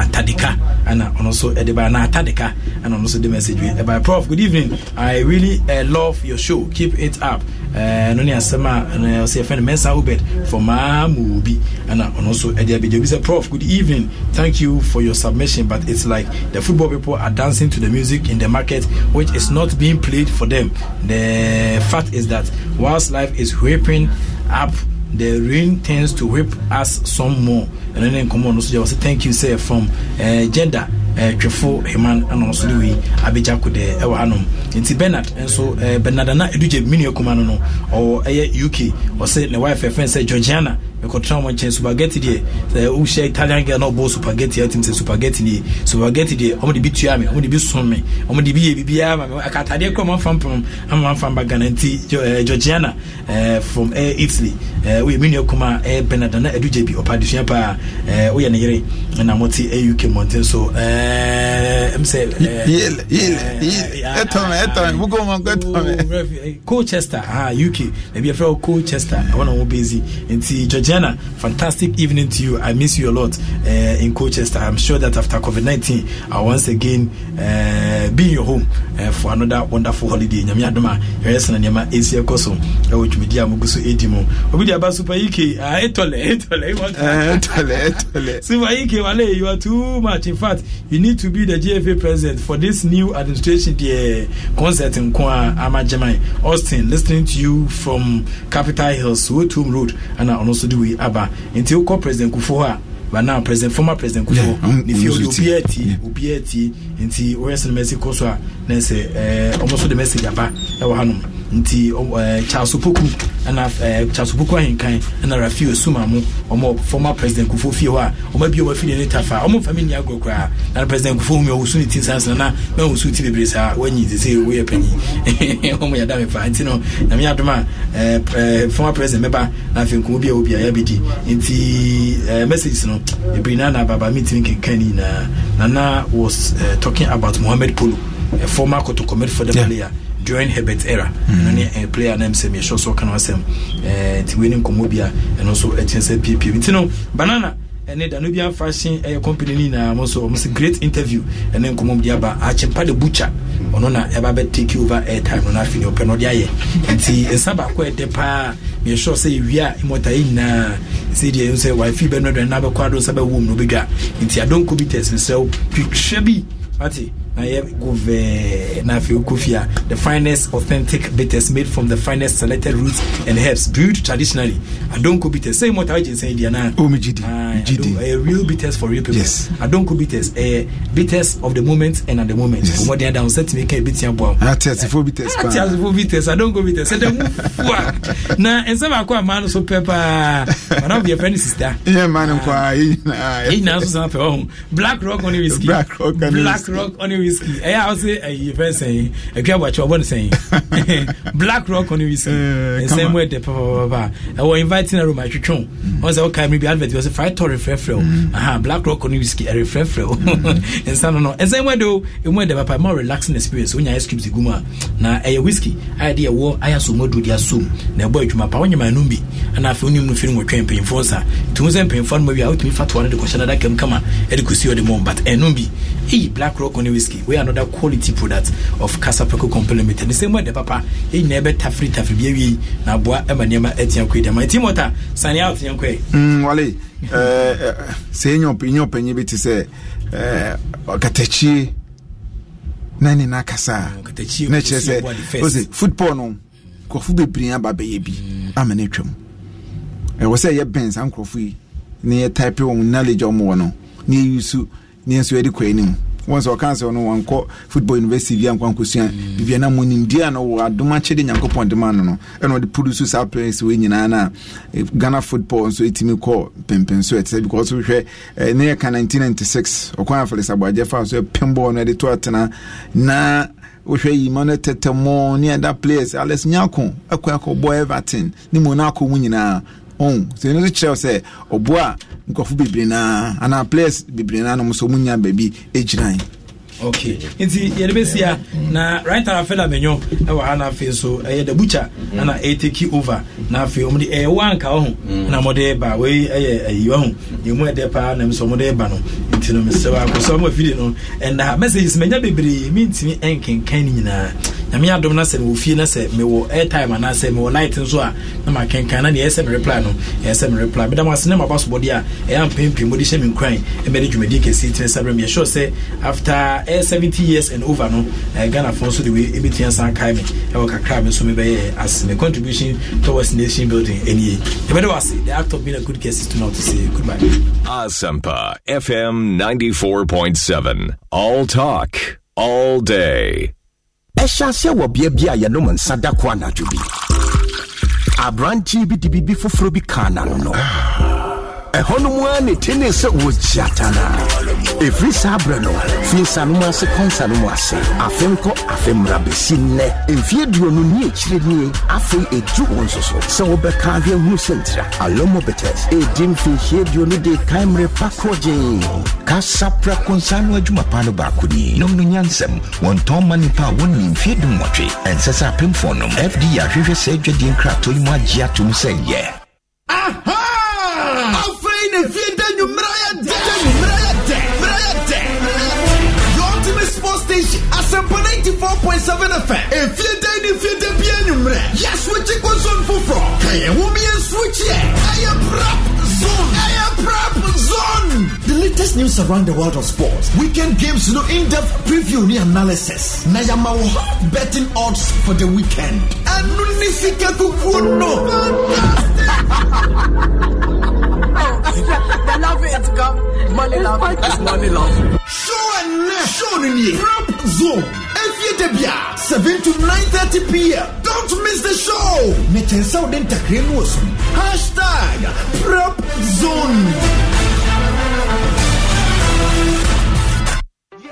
B: Atadika and, and also Edebana Atadika and also the message with by Prof. Good evening. I really love your show. Keep it up. Noni asema say friend Mensa Ubed from Mamubi and also Edebejo. a Prof. Good evening. Thank you for your submission. But it's like the football people are dancing to the music in the market, which is not being played played for them. The fact is that whilst life is whipping up, the rain tends to whip us some more. And then come on, so was a thank you sir, from uh, gender. Uh, twefo heman ɛna ɔso de wei abɛgya ko deɛ ɛwɔ hanom nti bernard nso uh, bernard ana edugye mini akuma no no ɔwɔ ɛyɛ uk uh, ɔsɛ ne wife ɛfɛn sɛ georgiana mekɔtena wɔn nkyɛn supageti deɛ sɛ wohyɛ italian girl na ɔbɔ supageti atim sɛ supageti nie supageti deɛ ɔmo de bi tua me ɔmo de bi sun me ɔmo de bi yɛ biribiara ma me akatadeɛ kɔ ɔmo afa mpam ama afa mba ghana nti georgiana from italy woyɛ me nua kuma benada na adugye bi ɔpa adesua paa woyɛ ne yere na mote uk mmɔnten uk na bi yɛfrɛ wo colchester ɛwɔ Diana, fantastic evening to you. I miss you a lot uh, in Colchester. I'm sure that after COVID 19, I'll once again uh, be in your home uh, for another wonderful holiday. Nyamia Doma, yes, and Yama Asia Koso, which media Mugusu Edimo. Obidia Basupa Ike, ah, Etole, Etole, [LAUGHS] Super Ike, Wale, you are too much. In fact, you need to be the GFA president for this new administration, the concert in Kwa Amajamai. Austin, listening to you from Capitol Hills, Wotum Road, and I also do wei aba nti wokɔ president kufuo a bana president former president kufuo yeah, ne fie mm, ode obiaa tie obiaa tie nti woyɛ sɛ no mɛsi kɔ so a na sɛ ɔmo so de message aba ɛwɔ hanom nti chasopoku ɛna chasopoku ahenkan ɛna Rafiu sumamu, mo former president kufo fie hɔ a ɔmo abie ɔmo afidie ne tafa ɔmo nfa ni agorɔ koraa na president kufo mi ɔwusu ne ti nsansan na mɛ ɔwusu ti bebree saa wɔnyi ti sɛ wɔyɛ panyin [LAUGHS] ɔmo yɛ dame fa nti no na mi adoma former president mɛba na afei nkomo bi a obi a yabedi nti messages no ebiri na na baba mi ti mi kankan ni nyinaa nana was talking about muhammed polo former kotokomed for the yeah. player during Herbert era ɛno ne ɛ player nam sɛ meyɛhyɛ so can no asɛm ɛɛ eh, ti in ne and also a ɛno nso ɛteɛ you know, nti no banana ɛne eh, dano bi fashion A eh, company no I'm also nso ɔmo sɛ great interview ɛne nkɔmmɔ bi aba akyempa de butcher ɔno na ɛba bɛ take over airtime no n'afei ne ɔpɛ and ɔde ayɛ nti nsa baako a ɛdɛ paa meyɛhyɛ sɛ ewia mmɔta yi nyinaa sɛ deɛ nso sɛ wifi bɛ no ɛdɔ ɛna bɛkɔ ado nsa bɛwɔ mu no bɛdwa nti adonko bi tɛ sɛ nsɛw twitwa bi ate na yɛ go na afei wokɔ a the finest authentic bitters made from the finest selected roots and herbs brewed traditionally adonko bitters sɛ mɔta wogye nsɛn deɛ na oh, megyidi megyidi ɛyɛ real bitters for real people yes. adonko bitters ɛyɛ eh, bitters of the moment and at the moment ɔmɔden adan sɛ tumi ka ɛbɛtia boa atiasefo ah, bitters paa ah, atiasefo bitters adonko bitters sɛ dɛ mu fua na nsɛm akɔ a maa no so pɛ paa madam deɛ fɛ ne sista
E: ɛyɛ maa no nkɔ a ɛyɛ
B: nyinaa ɛyɛ so san fɛ ɔho black rock ɔne whiskey black rock ɔne whiskey Whisky. ɛyɛ a ɔsi ɛyi fɛn sɛn ɛtwi abuakye ɔbɔ ne sɛn black rock ne whiskey nsɛn mu ɛdɛ papaapa ɛwɔ inviting room atwitwi wɔn sɛ ɔka mi bi advert wɔsi fry tɔ refrɛfrɛw mm. aha black rock ne whiskey ɛrefrɛfrɛw nsa [LAUGHS] no no ɛsɛn mu ɛdɛ o emu ɛdɛ papa ɛmu relaxing experience wonya ice cubes egu mu a na ɛyɛ whiskey ayɛ de ɛwɔ ayɛ asomodu de asom na ɛbɔ adwuma pa wɔnyɛ maanum bi ɛna afei onim no fi no wɔtwɛn mpanyinfoɔ nsa tumu sɛ mpanyinfoɔ no mu awie a wotumi fa toa no de kɔhyɛ dada kɛm kama ɛde kɔsi ɔde mu but ɛnum bi eyi black rock ne whiskey KPP. We are another quality product of Casa Peco Company Limited. The same way the papa, he never tafri tafri baby. Na boa emanema etiankwe. My team water, signing out
E: yankwe. Mm, Wale, uh, eh, eh, say in your opinion, you say, uh, eh, Katachi, Nani Nakasa, mm, Katachi, Nature say, was it football? No, Kofu bebree aba bɛyɛ bi mm. ama no atwam ɛwɔ sɛ yɛ bɛn saa nkurɔfo yi na yɛ type wɔn knowledge a wɔwɔ no na yɛyi yusu na yɛ nso yɛde kɔ anim wọn sɛ ɔka sɛ ɔno wankɔ football university bi ankɔ ankɔsua biribia na monimdeɛ a no wɔ adom akyɛde nyankopɔn de ma no no produce saa players wei nyinaa no ghana football nso ɛtumi kɔ pempem so ɛte sɛ because wohwɛ ne yɛka 1996 ɔkwan afɛle saboagye fa so ɛpem bɔɔ no ɛde to atena na wohwɛ yi ma no tɛtɛmɔ ne ada players alex nyako akɔ akɔbɔ everton ne mu no akɔ mu nyinaa ɔn sɛ ɛno so kyerɛw sɛ ɔboa nkurɔfo bebree naa anaa players bebree naa nom so ɔmo nya baabi gyinae okay
B: nti yɛde bɛsi na right ara fela menyo ɛwɔ ha na afei so ɛyɛ the butcher ana mm. ɛteki over na afei ɔmde ɛyɛwo anka wo ho mm. na mɔde ba wei ɛyɛ ayiwa ho ɛmu ɛdɛ paa nam sɛ ɔmde ba no nti no mesrɛ akɔ sɛ ɔma afidi no ɛnda ah, messages manya bebree mentimi ɛnkenkan no nyinaa nyame adom no sɛ mewɔ fie na sɛ mewɔ airtime anaasɛ mewɔ light nso a na makenkan na deɛ ɛyɛ sɛ mereply no ɛyɛ sɛ mereply meda m ase ne mabasobɔdeɛ a ɛyɛ mpempem mode hyɛ me nkuran ɛmɛde dwumadiɛ kɛsi tene sɛ berɛ meyɛsure sɛ after ɛyɛ seventy years and over no ɛɛ eh, ghana fɔ to de wei ebi tia san kaa mi ɛwɔ kakra mi so mi eh, bɛyɛ eh, as mi contribution towards nation building ɛni yɛ ɛbɛ de wa se the act of being a good guest is to not to say goodbye.
F: asampa fm ninety four point seven all talk all day. ɛhyɛ aseɛ wɔ bea bi a yɛnom nsa da anadwo bi aberanteɛ bi de foforɔ bi kaa no [SIGHS] ɛhɔ no mu a ne tene sɛ wɔgyia tanaa ɛfiri saa berɛ no fi nsanom ase kɔnsa no mu ase afe nkɔ afe mmara bɛsi nnɛ mfeɛ duonu ne akyire nie afei ɛdu wo nso so sɛ wobɛka ahwɛ hu sɛntira alɔmmɔ betes ɛdi mfinhyia duonu de kae mmerɛ pa korɔgyee kasapra kɔnsa no adwuma pa no baako ni nom no nyansɛm wɔntɔn ma nnipa a wɔne mfeɛ dumwɔtwe ɛnsɛ sɛ apemfoɔ nom fd ahwehwɛ saa adwadeɛ nkratɔ yi mu agye atom sɛ yɛ ne vie dɛ nwummerɛ yɛ dɛ nwummerɛ yɛ dɛ mmerɛ yɛ dɛ your ultimate sports station asɛmpa 94.7 fm efie dɛ ne fie dɛ bia nwummerɛ yɛ switchi kɔ zone foforɔ ka yɛ wo meyɛ ɛyɛ prap zone ɛyɛ prap zone the latest news around the world of sports weekend games no in-depth preview ne analysis na yɛma wo hot betting odds for the weekend
G: ɛno ne sika kukuo no they love it. It's Money love. It's money love. Show and
F: show me. Prop zone. Bia, 7 to 9.30 p.m. Don't miss the show. Metensa uden takrim wasum. Hashtag Prop Zone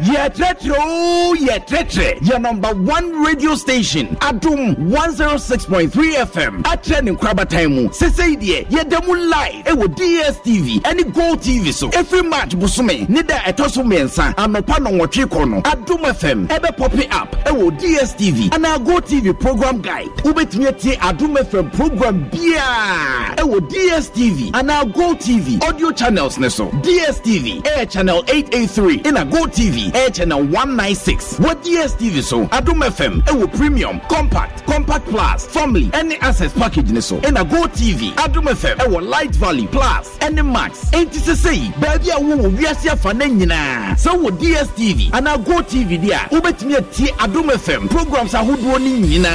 F: yɛtrɛtrɛ o oh, yɛtrɛtrɛ yɛ number one radio station adum 106.3 fm akyerɛ ne nkorabatan mu sesei deɛ yɛda mu live ɛwɔ dstv ɛne gold tv so every march bosome ne da ɛtɔ so mmiɛnsa anɔpa nɔnwɔtwe kɔ no adum fm ɛbɛpɔpe up ɛwɔ dstv anaa gold tv program guide wobɛtumi atie adum fm program biaa ɛwɔ dstv anaa gold tv audio channels ne so dstv ɛyɛ channel 883 ɛna gold tv air channel 196. What DSTV so? Adum FM, Ewo Premium, Compact, Compact Plus, Family, any access package ne so. And a Go TV, Adum FM, Ewo Light Valley Plus, any Max. Enti se sei, baby a wo wiase afa na nyinaa. So wo DSTV, and a Go TV dia, ubetimi atie Adum FM programs ahodoɔ ne nyinaa. nina.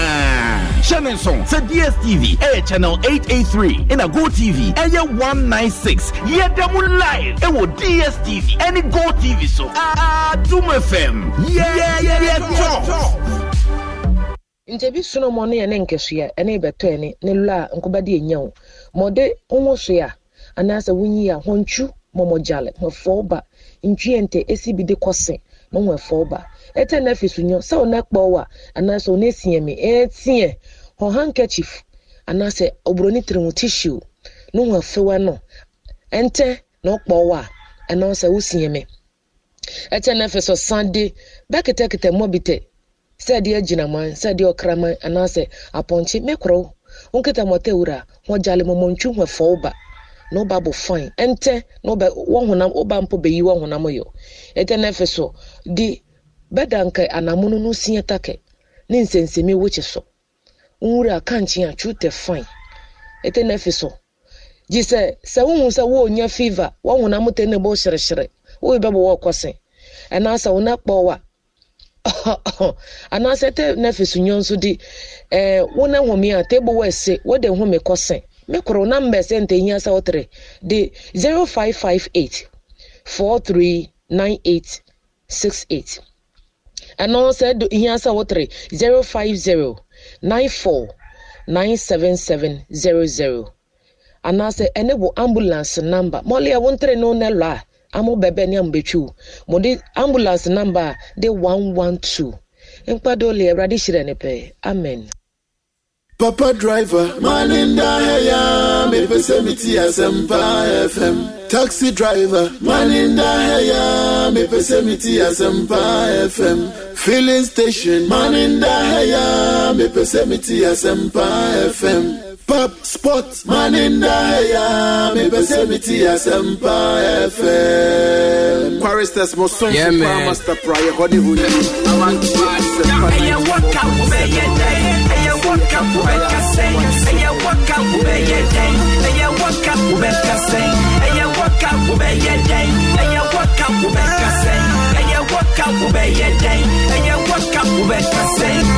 F: ne nso sɛ DSTV Air channel 883 ɛna GoTV ɛyɛ 196 yɛda mu live ɛwɔ DSTV Any Go TV so. Ah. ah Adum FM. Yɛyɛ tɔ.
H: nti ebi sono mu no yɛ ne nkesua ɛne bɛtɔ ɛne ne a nkoba de enya o ma ɔde so a anaasɛ wonyi a hɔntwu mɔmɔgyale hɔfɔɔ esi bi de kɔse ɛfɔɔ ba ɛtɛ na afi so sɛ kpɔ anaasɛ oburoni tissue ne afewa na ɔkpɔ a, sɛ ɛkyɛ na afei sɛ sande bɛketaketa mmɔbitɛ sɛ deɛ agyina man sɛ ɔkraman anaasɛ apɔnkye mɛkorɔ wo nketa wura a wɔgyale mɔmɔntwi hwɛfɔ wo ba na woba bɔ fain ɛntɛ na wobɛ wɔhonam woba mpo bɛyi wɔhonam yɛ ɛtɛ na afei so di bɛda nka anamono no sia takɛ ne nsɛnsɛmi wokye so nwura kankye a twutɛ fain ɛtɛ na afei so gye sɛ sɛ wohu sɛ wɔɔnya fever wɔhonam tɛ ne bɔ hyerehyere woebɛbɔ wɔɔkɔse anaasɛ wo nakpɔwa [LAUGHS] anaasɛ te na nyo nso di eh, wo na home a table wɔ ɛse wode home kɔse me koro na mbɛ sɛ nta hia sɛ otere de 0558 439868 ɛno sɛ hia sɛ wotere 050 anaasɛ ɛne ambulance number mɔle a wontere no ne lɔ a amu bɛbɛ ni amu bɛtwi o mo de ambulance number de one one two nkpado le awurade hyerɛ ne pɛ amen.
E: papa driver maninda heya mepese miti asempa fm taxi driver da heya mepese miti asempa fm filling station da heya mepese miti asempa fm. pop spot, man in sport manindaya mepɛsɛ meti asɛmpa fm quaristers mo sonso pa master pra yɛ hɔde ho
G: ɛyɛ wɔka wobɛyɛ dɛn ɛyɛ wɔka wobɛka sɛn ɛyɛ wɔka wobɛyɛ dɛn ɛyɛ wɔka wobɛka sɛn ɛyɛ wɔka wobɛyɛ dɛn ɛyɛ wɔka wobɛka sɛn ɛyɛ wɔka wobɛyɛ dɛn ɛyɛ wɔka wobɛka sɛn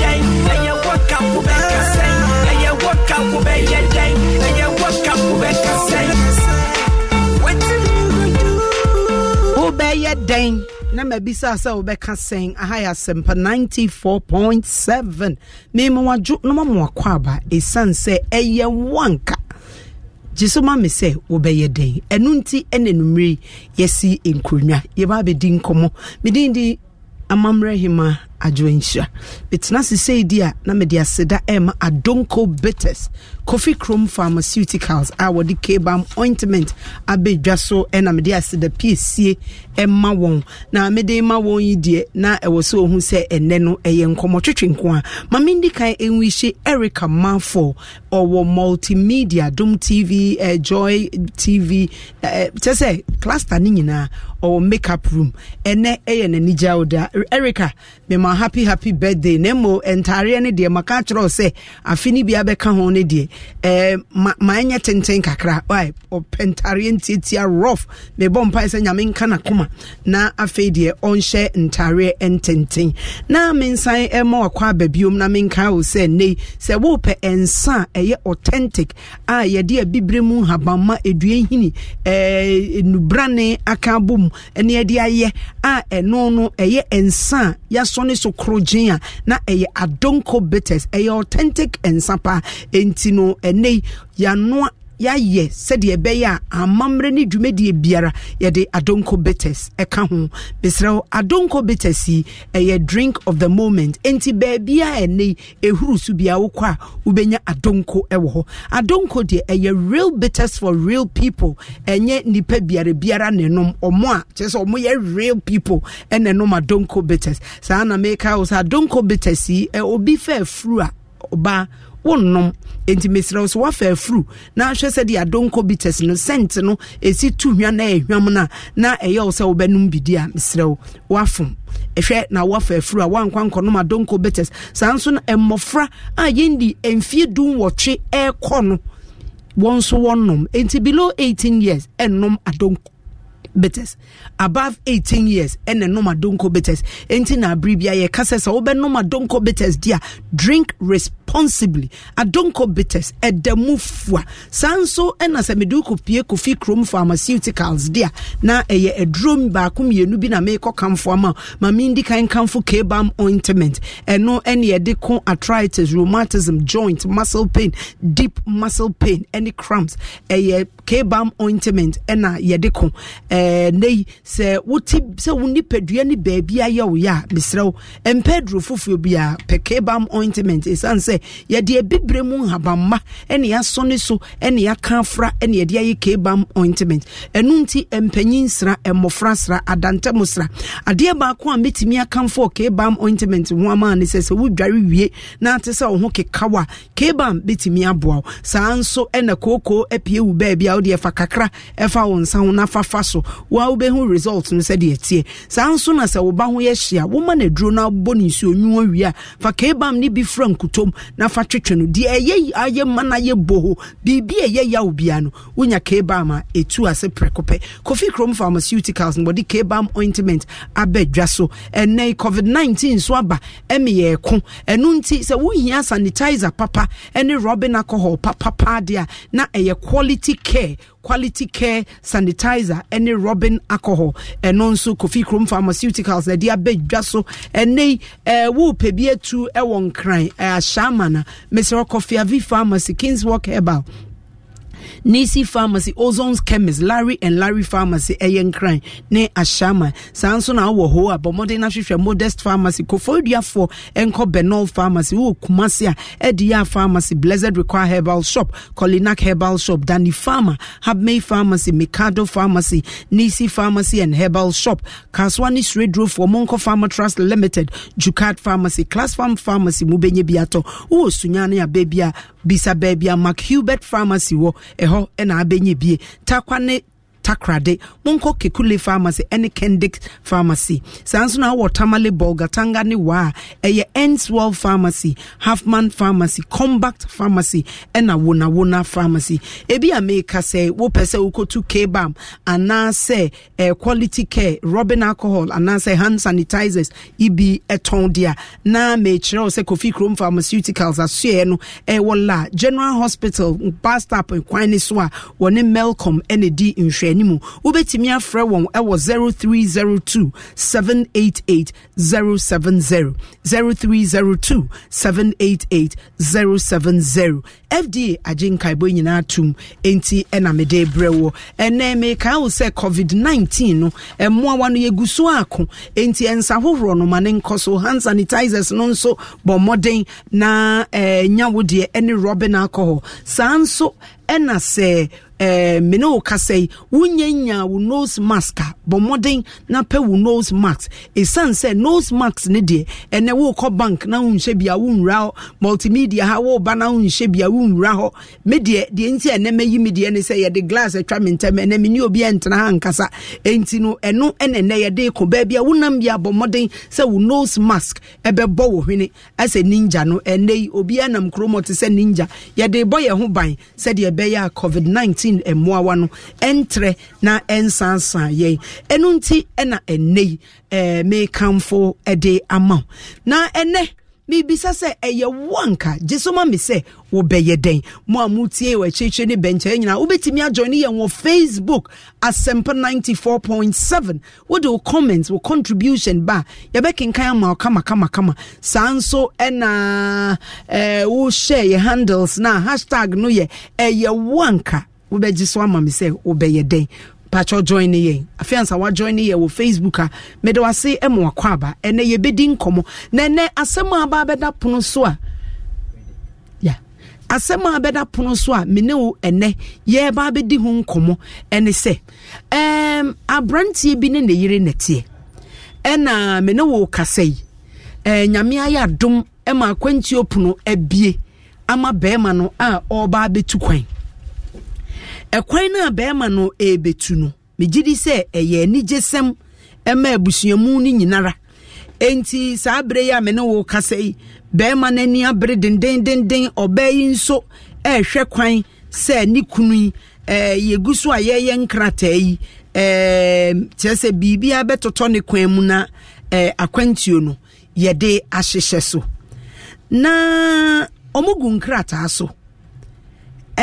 G: ubeye den eye waka ubeka sen ubeye den na mabisa sɛ wobɛka sɛn aha yɛ asɛmpa 94.7 memawadwo na mamoakɔ aba ɛsiane sɛ ɛyɛ wanka gye so ma me sɛ wobɛyɛ den ɛno e nti ɛna e numere yɛsi nkonnwa yɛba abɛdi nkɔmmɔ medin di amammerɛ hema adwenhyira metena sesei di a na mede aseda ɛma adonko bitters coffee chrome pharmaceuticals a wɔde kbam ointment abɛdwa so ɛna mede aseda piesie ɛma wɔn na mede ma wɔn yi deɛ na ɛwɔ sɛ ɔhu sɛ ɛnɛ no ɛyɛ nkɔmmɔtwetwe nko a ma mendi kan ɛnwihyɛ erica manfo ɔwɔ multimedia dom tv uh, eh, joy tv eh, eh, kyɛ uh, sɛ cluster no nyinaa ɔwɔ makeup room ɛnɛ ɛyɛ n'anigyawo da erica mema a happy happy birthday na mmom ntareɛ no deɛ maka akyerɛ sɛ afe no bi abɛka ho no deɛ eh, ma ɛnyɛ tenten kakra ɔpɛ ntareɛ ntiatia rof mebɔ mpae sɛ nyame nka nakoma na afei deɛ ɔnhyɛ ntareɛ ntenten na mensan ɛma eh, wakɔ aba biom na menka wo sɛ nnei sɛ wopɛ nsa a ɛyɛ authentic a yɛde abibire mu habama edua hini eh, nubrane aka abom ne yɛde ayɛ a ɛno no ɛyɛ nsa a yɛasɔ ne So koro a na ɛyɛ adonko bitters ɛyɛ authentic nsa paa nti no ɛnɛ yanoa yɛayɛ sɛdeɛ ɛbɛyɛ a amammerɛ ne dwumadie biara yɛde adonko bitters ɛka ho mesrɛ adonko bitters yi ɛyɛ drink of the moment enti baabia ɛnɛ yi ɛhuru so bia wokɔ a wobɛnya adonko ɛwɔ hɔ adonko deɛ ɛyɛ real bitters for real people ɛnyɛ nipa biara biara ne nom ɔmo a kyerɛ sɛ ɔmo yɛ real people ɛna nom adonko bitters saa na meka wo sɛ adonko bitters yi obi fɛ furu a ɔbaa wonnom nti mesrɛ so wafa afuru na hwɛ sɛ de adonko bi tɛs no sɛnt no ɛsi tu hwa na ɛhwam no a na ɛyɛ wo sɛ wobɛnom bidi a mesrɛ wo wafom ɛhwɛ na wafa afuru a wankwa nkɔnom adonko bitters saa nso no mmɔfra a yɛndi mfie dum wɔtwe ɛrekɔ no wɔn nso wɔnom nti below 18 years ɛnnom adonko bitters above 18 years ɛna ɛnom adonko bitters nti na abiri bi a yɛka sɛ sɛ wobɛnom adonko bitters di a drink respect responsibly adonko bitters ɛda mu fua saa nso ɛna sɛ mede wokɔpie kofi krom pharmaceuticals de na ɛyɛ aduro baako mmienu bi na meekɔ kamfo ama ma mendi kan kamfo kbam ointment ɛno ɛne yɛde ko arthritis rheumatism joint muscle pain deep muscle pain ɛne cramps ɛyɛ kbam ointment ɛna yɛde ko ɛɛ nei sɛ wote sɛ wo nipadua ne baabi ayɛ wo yɛ a mesrɛ wo mpɛ bi a pɛ kbam ointment ɛsiane sɛ sɛ yɛde abibire mu nhabamma ne yɛasɔne so ne yɛaka afra ne yɛde ayɛ kebam ointment ɛno nti mpanyin sra mmɔfra sra adantam sra adeɛ baako a mɛtumi akamfo kebam ointment ho ama ne sɛ sɛ wodware wie na ate sɛ wo ho kekaw a kebam bɛtumi aboa wo saa nso ɛna kookoo apie wo baabi a wode ɛfa kakra ɛfa wo nsa ho na fafa so woa wobɛhu result no sɛdeɛ teɛ saa nso na sɛ wo ba ho yɛ hyia woma no aduro no abɔ ne nsuo nwiwa a fa kebam ne bi fra nkutom na fa twetwe no deɛ ɛyɛ ayɛ ma no ayɛ boho biribi a ɛyɛ yaw bia no wonya kabam a ɛtu ase prɛkopɛ kofi krom pharmaceuticals no wɔde kabam ointment aba dwa so ɛnɛ covid-19 nso aba ɛme yɛ ko ɛno nti sɛ wohia sanitizer papa ne robin alcohol papapaa deɛ a na ɛyɛ quality care quality care sanitizer any robin alcohol ɛno nso kofi krom pharmaceuticals na ɛde abɛdwa so ɛnɛ eh, woepɛ bi atu eh, wɔ nkran shaman. Eh, ama no mesrɛ kɔfiavi pharmacy walk herbal Nisi Pharmacy, Ozone's Chemist, Larry and Larry Pharmacy, Ayan Crime, Ne Ashama, Sanson Awoho, Abomodena Shusha, Modest Pharmacy, Kofodia 4, Enko Benol Pharmacy, Wo Kumasia, Edia Pharmacy, Blessed Require Herbal Shop, Kolinak Herbal Shop, Dani Pharma, Habme Pharmacy, Mikado Pharmacy, Nisi Pharmacy and Herbal Shop, Kaswani Street Roof, Monko Pharma Trust Limited, Jukat Pharmacy, Class Farm Pharmacy, Mubenye Biato, Wo Sunyani Abebia, Bisa Bebia, McHubert Pharmacy, Wo, hɔ na abɛnyɛ bie takwa ne takrade monkɔ kekule pharmacy ɛne kendic pharmacy saa nso na awɔ tamale bolgatanga ne waa ɛyɛ enswell pharmacy halfman pharmacy combact pharmacy ɛna wonawona pharmacy ebi a meeka sɛ wopɛ sɛ wokɔtu kbam anaasɛ eh, quality care robin alcohol anaasɛ hand sanitizers ibi ɛtɔn deɛ na mekyerɛ wo sɛ kofi krom pharmaceuticals asoɛ no ɛwɔ la general hospital bastap kwan ne so a wɔne melcom ɛna di nhwɛ anim wobɛtumi afrɛ wɔn ɛwɔ 0302 788 070 0302 788 070 fda agye nkaebɔ nyinaa tom enti ɛna mede brɛ wɔ ɛnɛ mekaa wo sɛ covid-19 no ɛmmoawa no yɛgu so ako enti ɛnsa hohorɔ no ma ne nkɔ so hand sanitizers no nso bɔ mmɔden na ɛnya eh, wo deɛ ɛne rɔbe no akɔ hɔ saa nso ɛna sɛ Eh, mene wo kasa yi wonyanya wo nose mask a bɔ mmɔden na pɛ wo nose mask ɛsiane sɛ nose mask ne deɛ ɛnɛ wokɔ bank na wonhyɛ bia wonwura hɔ multimedia ha woba na wonhyɛ bia wonwura hɔ me deɛ deɛ nti ɛnɛ mayi me deɛ ne sɛ yɛde glass atwa me ntɛm ɛnɛ menni obi ɛntena ha nkasa ɛnti no ɛno ɛnɛ nɛ yɛde kɔ baabi a wonam bia bɔ mmɔden sɛ wo nose mask ɛbɛbɔ wo hwene ɛsɛ ninja no ɛnɛ yi a nam kurom ɔte sɛ ninja yɛde bɔ yɛn ho ban sɛdeɛ ɛbɛyɛ a covid nineteen gye mmoawa no ntrɛ na nsansan yɛn ɛno nti ɛna ɛnɛ yi eh, ɛɛ mekamfo ɛde ama na ɛnɛ biribisa sɛ ɛyɛ wanka gye so ma me sɛ wobɛyɛ dɛn mo a motie wɔ akyirikyiri ne bɛnkyɛn nyinaa wobɛtumi ajoine yɛn wɔ facebook asɛmpa 94.7 wode wo comment wo contribution ba a yɛbɛkenkan ama wo kamakamakama saa nso ɛna eh, share yɛ handles na hashtag no yɛ ɛyɛ wanka wobɛgye so ama me sɛ wobɛyɛ dɛn patwɔ join ne yɛn afei ansa wajoin ne yɛ wɔ facebook a mede wase ma wakɔ aba ɛnɛ yɛbɛdi nkɔmmɔ na ɛnɛ asɛm a aba bɛda pono so a ya asɛm a bɛda pono so a mene wo ɛnɛ yɛba bɛdi ho nkɔmmɔ ɛne sɛ um, aberanteɛ bi ne ne yere nɛteɛ ɛna mene wo kasa yi eh, nyame ayɛ adom ma akwantuo pono abie ama bɛrima no a ɔreba bɛtu kwan ɛkwan no a bɛrima no ɛrebɛtu no megye di sɛ ɛyɛ anigyesɛm ɛma abusuamu no nyinara enti saa bere yi a me ne wo kasa yi bɛrima no ani abere dendendenden ɔbaa yi nso ɛrehwɛ kwan sɛ ne kunu yi ɛɛ yɛgu so a yɛyɛ nkrataa yi ɛɛ kyerɛ sɛ biribiara bɛtotɔ ne kwan mu na akwantuo no yɛde ahyehyɛ so na wɔn gu nkrataa so.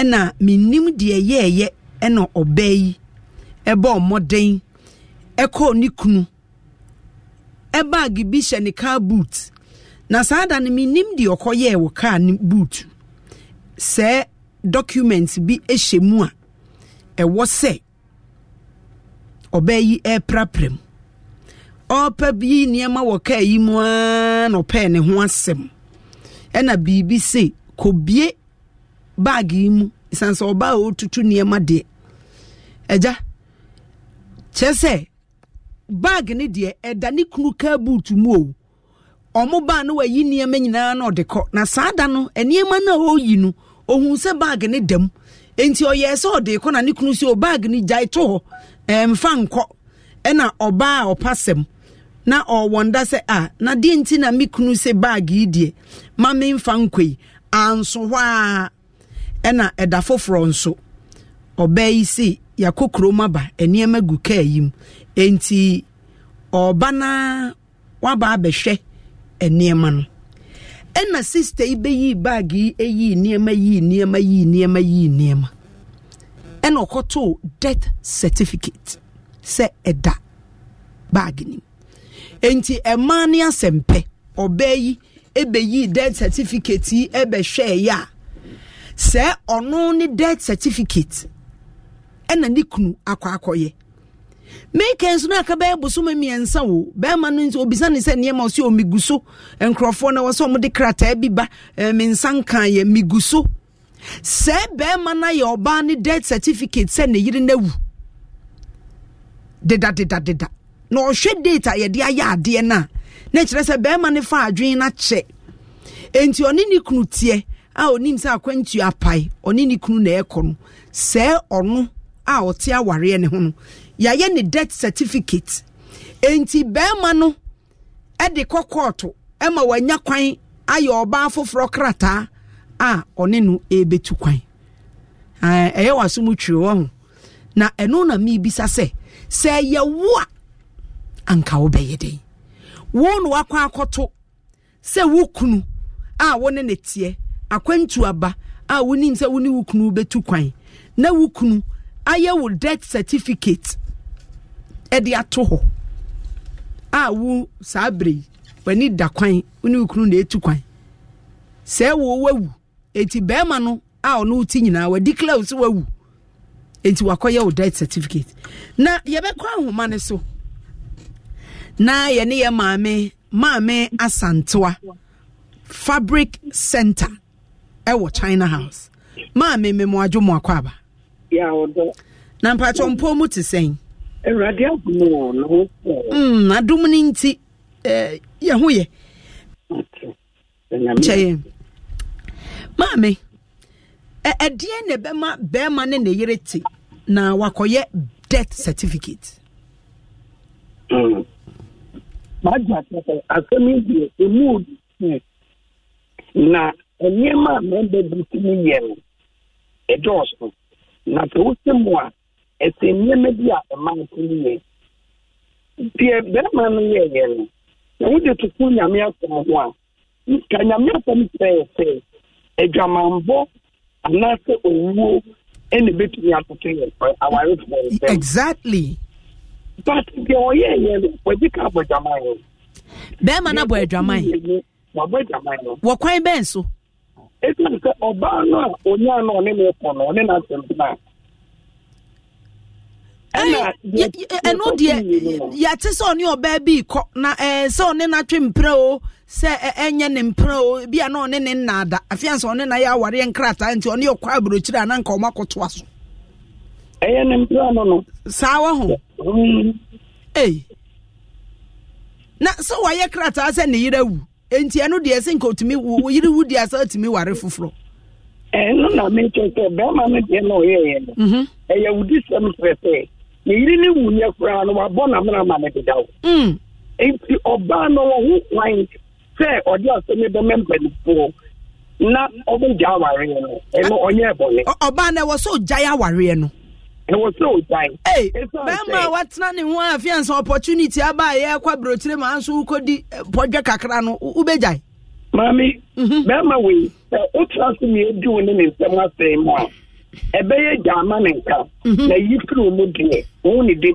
G: ɛna menim deɛ yɛɛyɛ ɛna ɔbaa yi ɛbɔ ɔmmɔden ɛkɔɔ ne kunu ɛbaage bi hyɛ ne car boot na saa da no menim deɛ ɔkɔyɛɛ wɔ car ne boot sɛ document bi hyɛ mu a ɛwɔ sɛ ɔbaa yi ɛreprapra mu ɔrepa bi nneɛma wɔ car yi mu ara na ɔpɛɛ ne ho asɛm ɛna biribi se kɔbie baag yi mu ɛsiane sɛ ɔbaa a ɔtutu nneɛma deɛ agya kyerɛ sɛ baag ne deɛ ɛda ne kunu kaa buutu mu o ɔmo baa no wayi nneɛma nyinaa na ɔde kɔ na saa da no nneɛma no a ɔreyi no ohun sɛ baag ne dam nti ɔyɛ sɛ ɔde kɔ na ne kunu si o baag ne gya to hɔ ɛmfa nkɔ ɛna ɔbaa a ɔpa sɛm na ɔwɔnda sɛ a na deɛ nti na me kunu sɛ baag yi deɛ ma me nfa nkɔ yi anso hɔ a ɛna ɛda foforɔ nso ɔbaa yi si yɛakɔ kurom aba nneɛma gu kaa yi mu nti ɔba na waba abɛhwɛ nneɛma no ɛna sista yi bɛyi baage yi eyii nneɛma yi nneɛma yi nneɛma yi nneɛma ɛna ɔkɔtoo death certificate sɛ ɛda baage nim nti ɛmaa ne asɛmpɛ ɔbaa yi bɛyi death certificate yi bɛhwɛ ɛyɛ a. sɛ ɔno ne death certificate ɛna ne kunu akɔ akɔyɛ meka nso no aka bɛyɛ bosoma mmiɛnsa o bɛrima no nso obisa ne sɛ nneɛma ɔsɛ ɔmigu so nkurɔfoɔ no wɔ sɛ ɔmode krataa bi ba me nsa nkaeɛ migu so sɛ bɛrima no ayɛ ɔbaa ne death certificate sɛ ne yere no awu dedadedadeda na ɔhwɛ date a yɛde ayɛ adeɛ no a na kyerɛ sɛ bɛrima no fa adwene no akyɛ enti ɔne ne kunu teɛ a onim sɛ akwantu apae ɔne ne kunu na ɛkɔ no sɛ ɔno a ɔte awareɛ ne ho no yɛayɛ ne death certificate enti bɛrima no de kɔ kɔɔto ma wanya kwan ayɛ ɔbaa foforɔ krataa a ɔne no ɛrebɛtu kwan ɛyɛ w'asom twiri wɔ ho na ɛno na merebisa sɛ sɛ ɛyɛ wo a anka wobɛyɛ den wo na wakɔ akɔto sɛ wo kunu a wo ne ne teɛ akwantu a wonim sɛ wo ne wo kunu bɛtu kwan na wo kunu ayɛ wo death certificate ɛde ato hɔ a wo saa bere yi w'ani da kwan wo wo kunu na ɛtu kwan sɛ wo wawu eti bɛrima no a ɔno ti nyinaa wadi cloud so wawu eti wakɔyɛ wo death certificate na yɛbɛkɔ ahoma ne so na yɛne yɛ maame maame asantewa fabric center ɛwɔ china house maa meme mu adwo mu akɔ aba na mpakyɛ mpo mu te sɛn mm, adom no nti yɛ ho yɛ kyɛɛ maame ɛdeɛ na ɛbɛma bɛrima ne ne yere te na wakɔyɛ death certificate
D: mm.
A: na nneɛma a mɛmba butumi yɛ no ɛdɔɔso na sɛ wosɛ mu a ɛsɛ nneɛma bi a ɛman tumi yɛ deɛ bɛrima no yɛɛyɛ na wode toto nyame asɛm a ka
D: nyame asɛm kyerɛɛ sɛ adwamanbɔ anaasɛ owuo ɛne bɛtumi atoto yɛ awarefoɔ nsɛm exactly but deɛ ɔyɛɛyɛ no wɔgye ka abɔ adwaman no abɔ adwaman wɔ kwan bɛn so etum sɛ ɔbaa no a onyaa no ɔne ne kɔ na ɔne n'asɛm
G: na ɛno deɛ yɛte sɛ ɔne ɔbaa bi kɔ na sɛ ɔne n'atwe mprɛ o sɛ ɛnyɛ eh, eh, ne mprɛ o bi a na ɔne ne nna ada afei sɛ ɔne na yɛ awareɛ nkrataa nti ɔne ɔkɔ aburokyiri a na nka ɔma kɔtoa so ɛyɛ ne mprɛ no no saa wɔ ho mm. ei na sɛ wɔayɛ krataa sɛ ne yerɛ wu nti ɛno deɛ sɛ nka otumi yiri wu deɛ mm. ase otumi ware foforɔ ɛno na mekyɛ sɛ bɛrima no deɛ eh, na
A: ɔyɛyɛ no ɛyɛ wodi sɛm serɛ sɛ ne yere ne wuyɛ koraa no wabɔ namena ma no deda wo nti ɔbaa no wɔ ho kwan sɛ ɔde asɛm
G: na awareɛ no ɔnyɛ ɔbaa ɛwɔ awareɛ ɛwɔ sɛ bɛma watena ne ho a opportunity aba a yɛkɔ aburokyire ma nso wokɔdi pɔdwɛ kakra no wobɛgyae maame bɛma wei sɛ wotena so wo ne ne nsɛm asɛe mu a
A: ɛbɛyɛ gyaama ne nka na yi firi wo mu deɛ wo ne de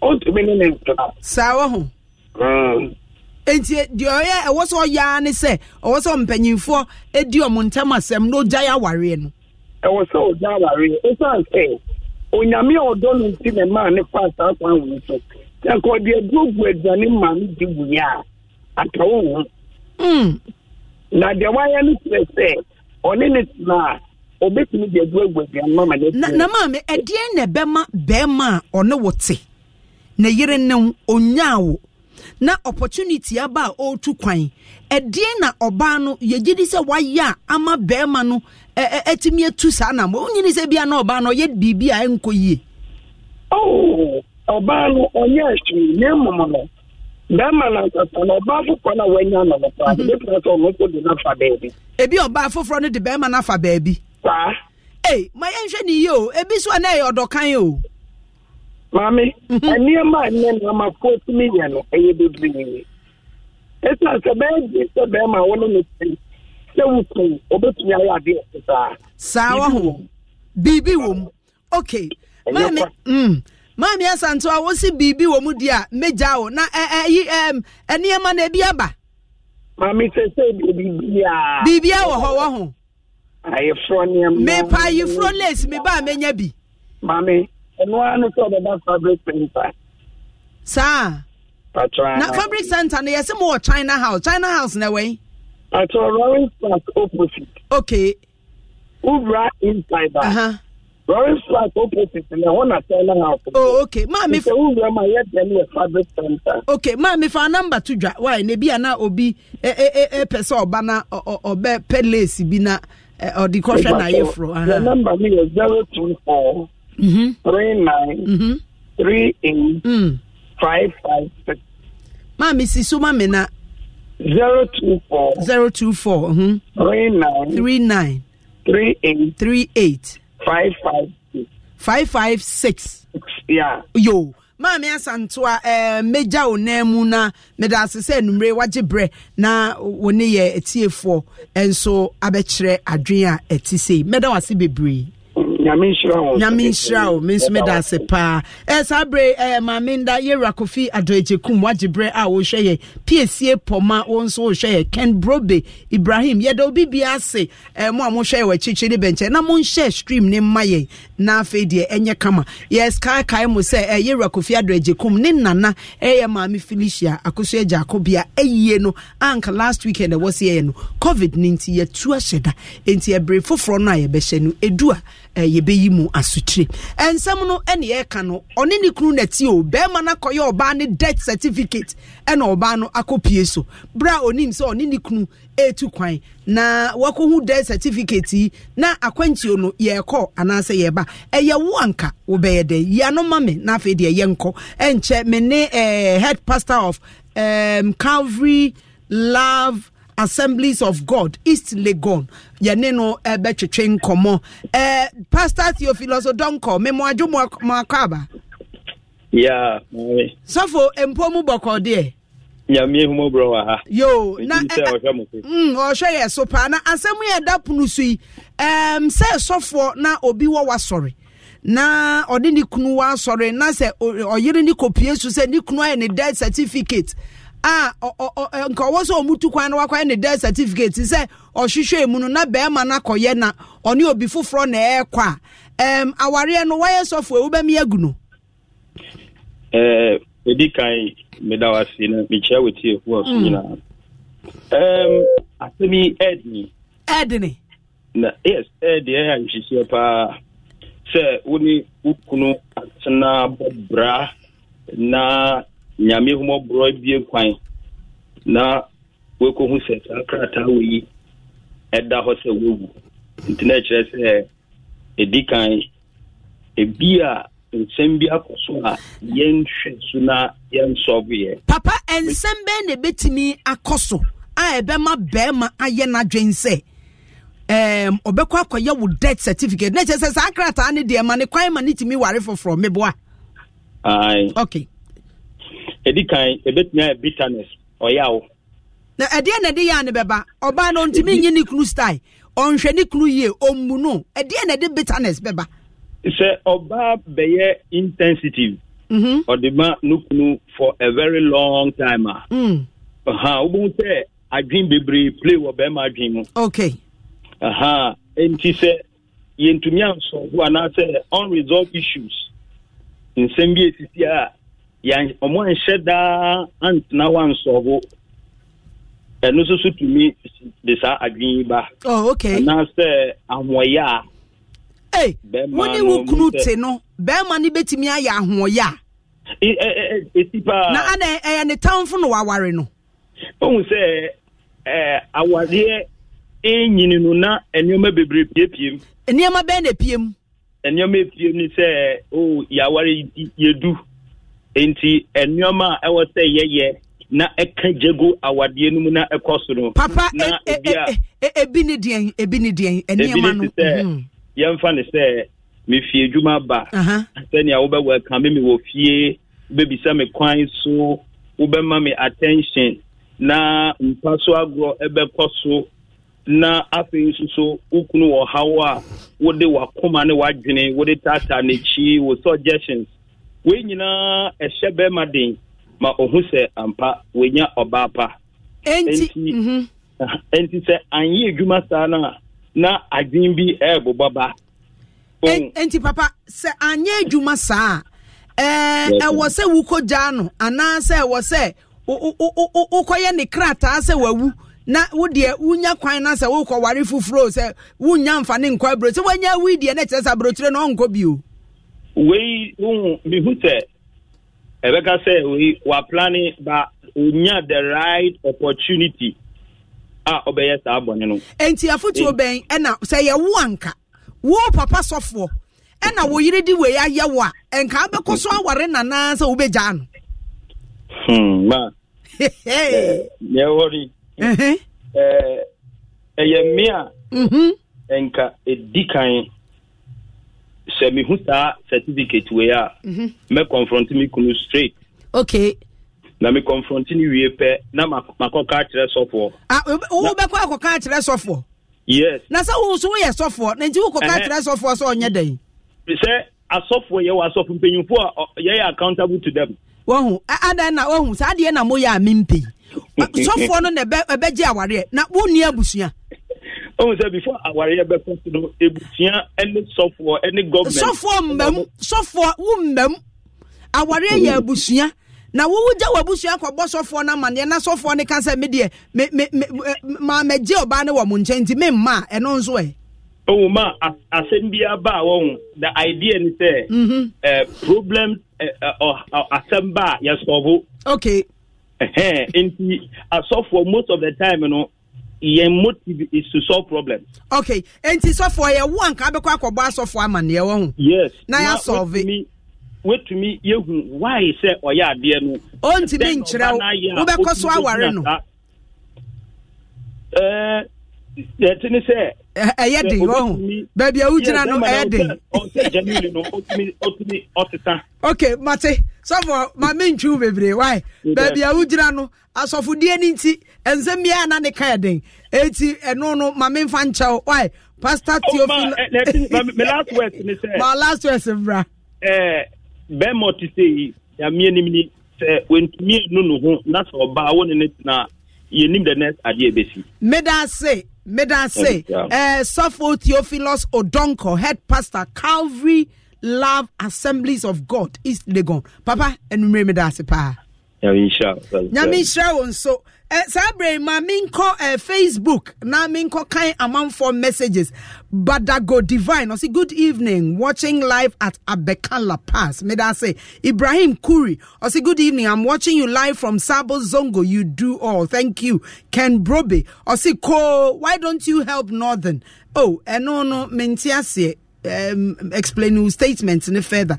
G: ok ne ne saa wɔ ho nti deɛ ɔyɛ ɛwɔ sɛ ɔyaa ne sɛ ɔwɔ sɛ edi ɔmo ntam asɛm na ogya yɛ awareɛ no. ɛwɔ sɛ ogya awareɛ esan
D: onyame ɔdɔ no nti na mmaa ne fa asaa kwan wɔn so na nka ɔde aduro aduane aka wɔn ho. na deɛ
A: wayɛ no kyerɛ sɛ ɔne ne tena a de ne tena. na
G: maame na ɛbɛma te na opportunity aba a ɔretu kwan ɛdeɛ na ɔbaa no yɛgye di sɛ wayɛ a ama barima no ɛtumi etu saa na wonyini sɛ bia na ɔbaa no ɔyɛ biribi a ɛnkɔ yie oh, ɔbaa no ɔnyɛ ahwii na mmom no bɛrima na ankasa na ɔbaa foforɔ no a wanya no no paa de mhm. bɛtena sɛ ɔno nso de no afa ebi ɔbaa foforɔ no de bɛrima nafa beebi. baabi saa ei ma yɛnhwɛ ne yie o ebi so a na ɛyɛ ɔdɔkan o maame [LAUGHS] nneɛma a nnɛ no amafoɔ tumi
D: yɛ no ɛyɛ bebree sɛ bɛrima a wɔne no tiri
G: sɛ wokum ɔbɛtumi ayɛ adeɛ ɛte saa wɔ ho biribi wɔ mu okay maame maame mm. a wosi biribi wɔ mu di a mmegya wo na ɛyi eh, eh, ɛm eh, na ebi aba maame sɛ sɛ biribi a biribi a wɔ hɔ wɔ ho
A: nneɛma mepa
G: lace bi ɛno ara ne sɛ ɔbɛba fabric center saa na fabric center no yɛsɛ mowɔ china house china house na wei atɔ rorin park opposite okay wobra inside a rorin
A: park opposite na ɛhɔ na china house oh, okay maame f wowura ma yɛdɛ no yɛ fabric center
G: Ok, maame fa number to dwa wai na bi a na obi ɛpɛ sɛ ɔba na ɔbɛpɛ lace bi na ɔde kɔhwɛ na yɛforɔ namba
A: no yɛ zero two four
G: Mm-hmm. three nine mm-hmm. three eight mm. five five six. Maami si Suma maami na. zero two four. zero two four. Mm-hmm. three nine. three nine. three eight. three eight. five five six. five five six. yeah. yo. maame asantoa Eh, mmegya wo nan mu na mmeda ase sɛ numre wagye brɛ na wɔne yɛ etiefoɔ nso abɛkyerɛ adwene a ɛte sei mmeda wase bebree nyame nhyira wo me nso meda ase paa ɛ eh, saa bere ɛ eh, maame nda yɛwura kofi adɔegye kum wagye berɛ a wɔrehwɛ yɛ piesie pɔma wɔn nso wɔrehwɛ yɛ ken brobe ibrahim yɛda obi bi ase ɛ eh, mo a mohwɛ yɛ wɔ akyirikyiri ne bɛnkyɛn na monhyɛ stream ne mma yɛn na afei deɛ ɛnyɛ kama yɛskaakae mu sɛ ɛ yɛwura kofi adɔegye kum ne nana ɛyɛ maame felicia akoso agya akobea ɛyie no anka last weekend ɛwɔ se yɛyɛ no covid ne nti yɛtu ahyɛ da nti ɛbere foforɔ no a yɛbɛhyɛ no ɛdu Eh, yɛbɛyi mu asotire nsɛm no ɛne yɛreka no ɔne ne kunu na o bɛrima no akɔyɛ ɔbaa ne death certificate ɛna ɔbaa no akɔpie so berɛ a ɔnim sɛ ɔne ne kunu ɛretu kwan na wakɔhu death certificate yi na akwantuo no yɛrekɔ anaasɛ yɛreba ɛyɛ wo anka wobɛyɛ dɛ yɛano ma me na afei deɛ yɛnkɔ ɛnkyɛ me ne eh, head pastor of um, calvary love assemblies of god east legon yɛne no bɛtwetwe nkɔmmɔ eh, pastor theophilus odɔnkɔ memoadwo moakɔ aba yeah, sɔfo mpo mu bɔkɔ deɛ nyame ehumo borɔ wɔ ha. yoo na ɛ ɛ ɔhwɛ yɛ so paa na asɛm yɛ ɛda pono so yi ɛɛm sɛ sɔfoɔ na obi wɔ wasɔre na ɔde ne kunu wasɔre na sɛ ɔyere ne kopie so sɛ ne kunu ayɛ ne death certificate. E, nke ọwọ sọ ọmụ tukwa na wakwa ne death certificate sị ọhwehwẹ mu no na barima na akọyẹ na ọ ọne obi foforọ na ekwa awari ɛm awareɛ no wayɛ sɔfo ewu bɛmi egu no.
D: ɛɛ edi kan mmeda wasi na mekyia wetie efu ɔso mm. nyinaa ɛm asɛm yi na yes ya ɛyɛ nhyehyɛ paa sɛ wo ne wo kunu bra na. nyame homɔborɔ bie kwan na wɔkɔhu sɛ saa krataa wɔ yi ɛda hɔ sɛ wɔwu nti na ɛkyerɛ sɛ ɛdi kan ebi a nsɛm bi akɔ so a yɛnhwɛ so na yɛnsɔboeɛ
G: papa nsɛm bɛɛ na ebetumi akɔ so a ɛbɛma bɛrima ayɛ n'adwen sɛ um, ɔbɛkɔ akɔyɛ wo death certificate na kyerɛ sɛ saa krataa ne deɛ ma ne kwan ma ne tumi ware foforɔ meboa
D: okay ɛdi kan ɛbɛtumi ayɛ bitterness ɔyawo.
G: na ɛdeɛ na ɛde yɛ a bɛba ɔbaa no ntumi nye ne kunu style ɔnhwɛ ne kunu yie ɔmmu no ɛdeɛ na ɛde bitterness bɛba. sɛ
D: ɔbaa bɛyɛ intensity. Mhm. ɔde ma ne kunu for a very long time a. Mm. wobɛhu sɛ adwene bebree play wɔ bɛrima adwene mu. okay. nti sɛ yɛntumi ansɔnko anaasɛ unresolved issues nsɛm bi esisi a ɔmo nhyɛ daa antena hɔ ansɔbo ɛno nso so tumi de saa adwene
A: yi ba anaasɛ ahoɔyɛ a
G: wo ne oh, wo kunu te no bɛrima no bɛtumi ayɛ
A: e e ɛsi paa
D: na
G: ana ɛyɛ ne tamfo no waware no
D: ohu sɛ awareɛ ɛnyini no na nneɛma bebree piepiem
G: nneɛma bɛɛ na piem
D: nneɛma epiem ne sɛ o yɛaware yɛdu nti nneɛma a ɛwɔ sɛ yɛyɛ na ɛka gyegu awadeɛ no mu na ɛkɔ so no. papa e, e, e,
G: ebi ne deɛn ebi ne deɛn nneɛma no. ebi ne ti sɛ mhm.
D: yɛmfa ne sɛ mefie adwuma ba sɛnea wobɛwɔ ka me mewɔ fie wobɛbisa me kwan so wobɛma me attention na mpa so agorɔ ɛbɛkɔ so na afei nso so wokunu wɔ haw a wode wakoma ne wadwene wode taataa n'akyi wo suggestions wee nyinaa ɛhyɛ bɛrima den ma ɔhu sɛ ampa wenya ɔbaa pa
C: nti mhm.
D: sɛ anyɛ adwuma saa no a na adwen bi ɛɛbobɔ ba
G: nti papa sɛ anyɛ adwuma saa a ɛwɔ sɛ wokɔgyaa no anaasɛ ɛwɔ sɛ wokɔyɛ ne krataa sɛ wawu na wodeɛ wonya kwan na sɛ wokɔware foforɔ sɛ wonya mfa ne nkɔ aburo sɛ woanya awi deɛ na ɛkyerɛ sɛ aburokyerɛ no ɔnkɔ bio
D: wei um, wohu mehu sɛ ɛbɛka e sɛ wei waplane ba onya the right opportunity a ɔbɛyɛ saa bɔne no
G: enti afotuo e. bɛn e ɛna sɛ yɛwo anka wo papa sɔfoɔ ɛna wo yere de wei ayɛ wo a ɛnka bɛkɔ so aware nanaa sɛ wobɛgyaa no
C: hmm,
D: ma yɛwɔ de ɛyɛ me a ɛnka ɛdi kan sɛ mehu saa certificate wei a mhm. mɛconfront me kunu straight okay na me confront ne wie pɛ na makɔka akyerɛ sɔfoɔ
G: ah, wobɛkɔ akɔka akyerɛ sɔfoɔ yes na sɛ wo so woyɛ sɔfoɔ na nti wokɔka akyerɛ sɔfoɔ sɛ ɔnyɛ dɛn sɛ asɔfoɔ yɛwɔ asɔfo mpanyimfoɔ a yɛyɛ accountable to them wɔhu adan na wɔhu saa adeɛ na moyɛ a mempɛ yi [LAUGHS] sɔfoɔ no na ɛbɛgye awareɛ na wonni abusua
D: ohun sẹ before awari ẹ bẹ kọ si no ebutia ẹni sọfọ ẹni gọọmenti. sọfọ
G: mbẹmu sọfọ wù mbẹmu awari ẹ yẹ ebusua na wo wogya w'abusua kɔbɔ sɔfoɔ no amanneɛ na sɔfoɔ no ka sɛ me deɛ maamagye ɔbaa ne wɔ mo nkyɛn nti memma ɛno nso ɛ Oh, ma, asɛm bi aba a the idea ni sɛ mhm. problem asɛm ba a yɛsɔbo okay nti asɔfoɔ most of the time you no know, yɛn motive is to solve problems. okay nti sɔfo yɛ wo anka abɛkɔ akɔbɔ asɔfo amaneɛ wɔ ho. yes na yɛ asɔlve. wetumi yehu why sɛ ɔyɛ adeɛ no. o ntumi nkyerɛ wo wobɛkɔ so aware no. ɛɛ eh, yɛtini sɛ ɛyɛ den wɔn
C: baabi a wogyina no ɛyɛ
G: den. ok mate sɔfo maame bebree wae baabi a wogyina no asɔfodie ne nti nsɛm biara na ne ka yɛ den eti ɛno no maame nfa nkyɛw wae pastor oh, teofilo. Eh, my last words ni sɛ. my last words bra.
D: ɛɛ eh, bɛrima ɔte se yi yameɛ nim ni sɛ wɛntumi enu ho na sɛ ɔbaa wɔn ne ne tena yɛnim the next adeɛ
G: bɛsi. se. meda say, uh, eh, sɔfo theophilus odonko head pastor calvary love assemblies of god east legon papa and meda ase paa
C: nyame
G: nhyira wo nso Eh, Sabre, my ma menkɔ eh, facebook na kai amount for messages badago divine say good evening watching live at abekan la pass meda say ibrahim kuri say good evening i'm watching you live from sabo zongo you do all thank you ken brobe ɔsi ko why don't you help northern oh eh no no, aseɛ um, eh, explain your statement no further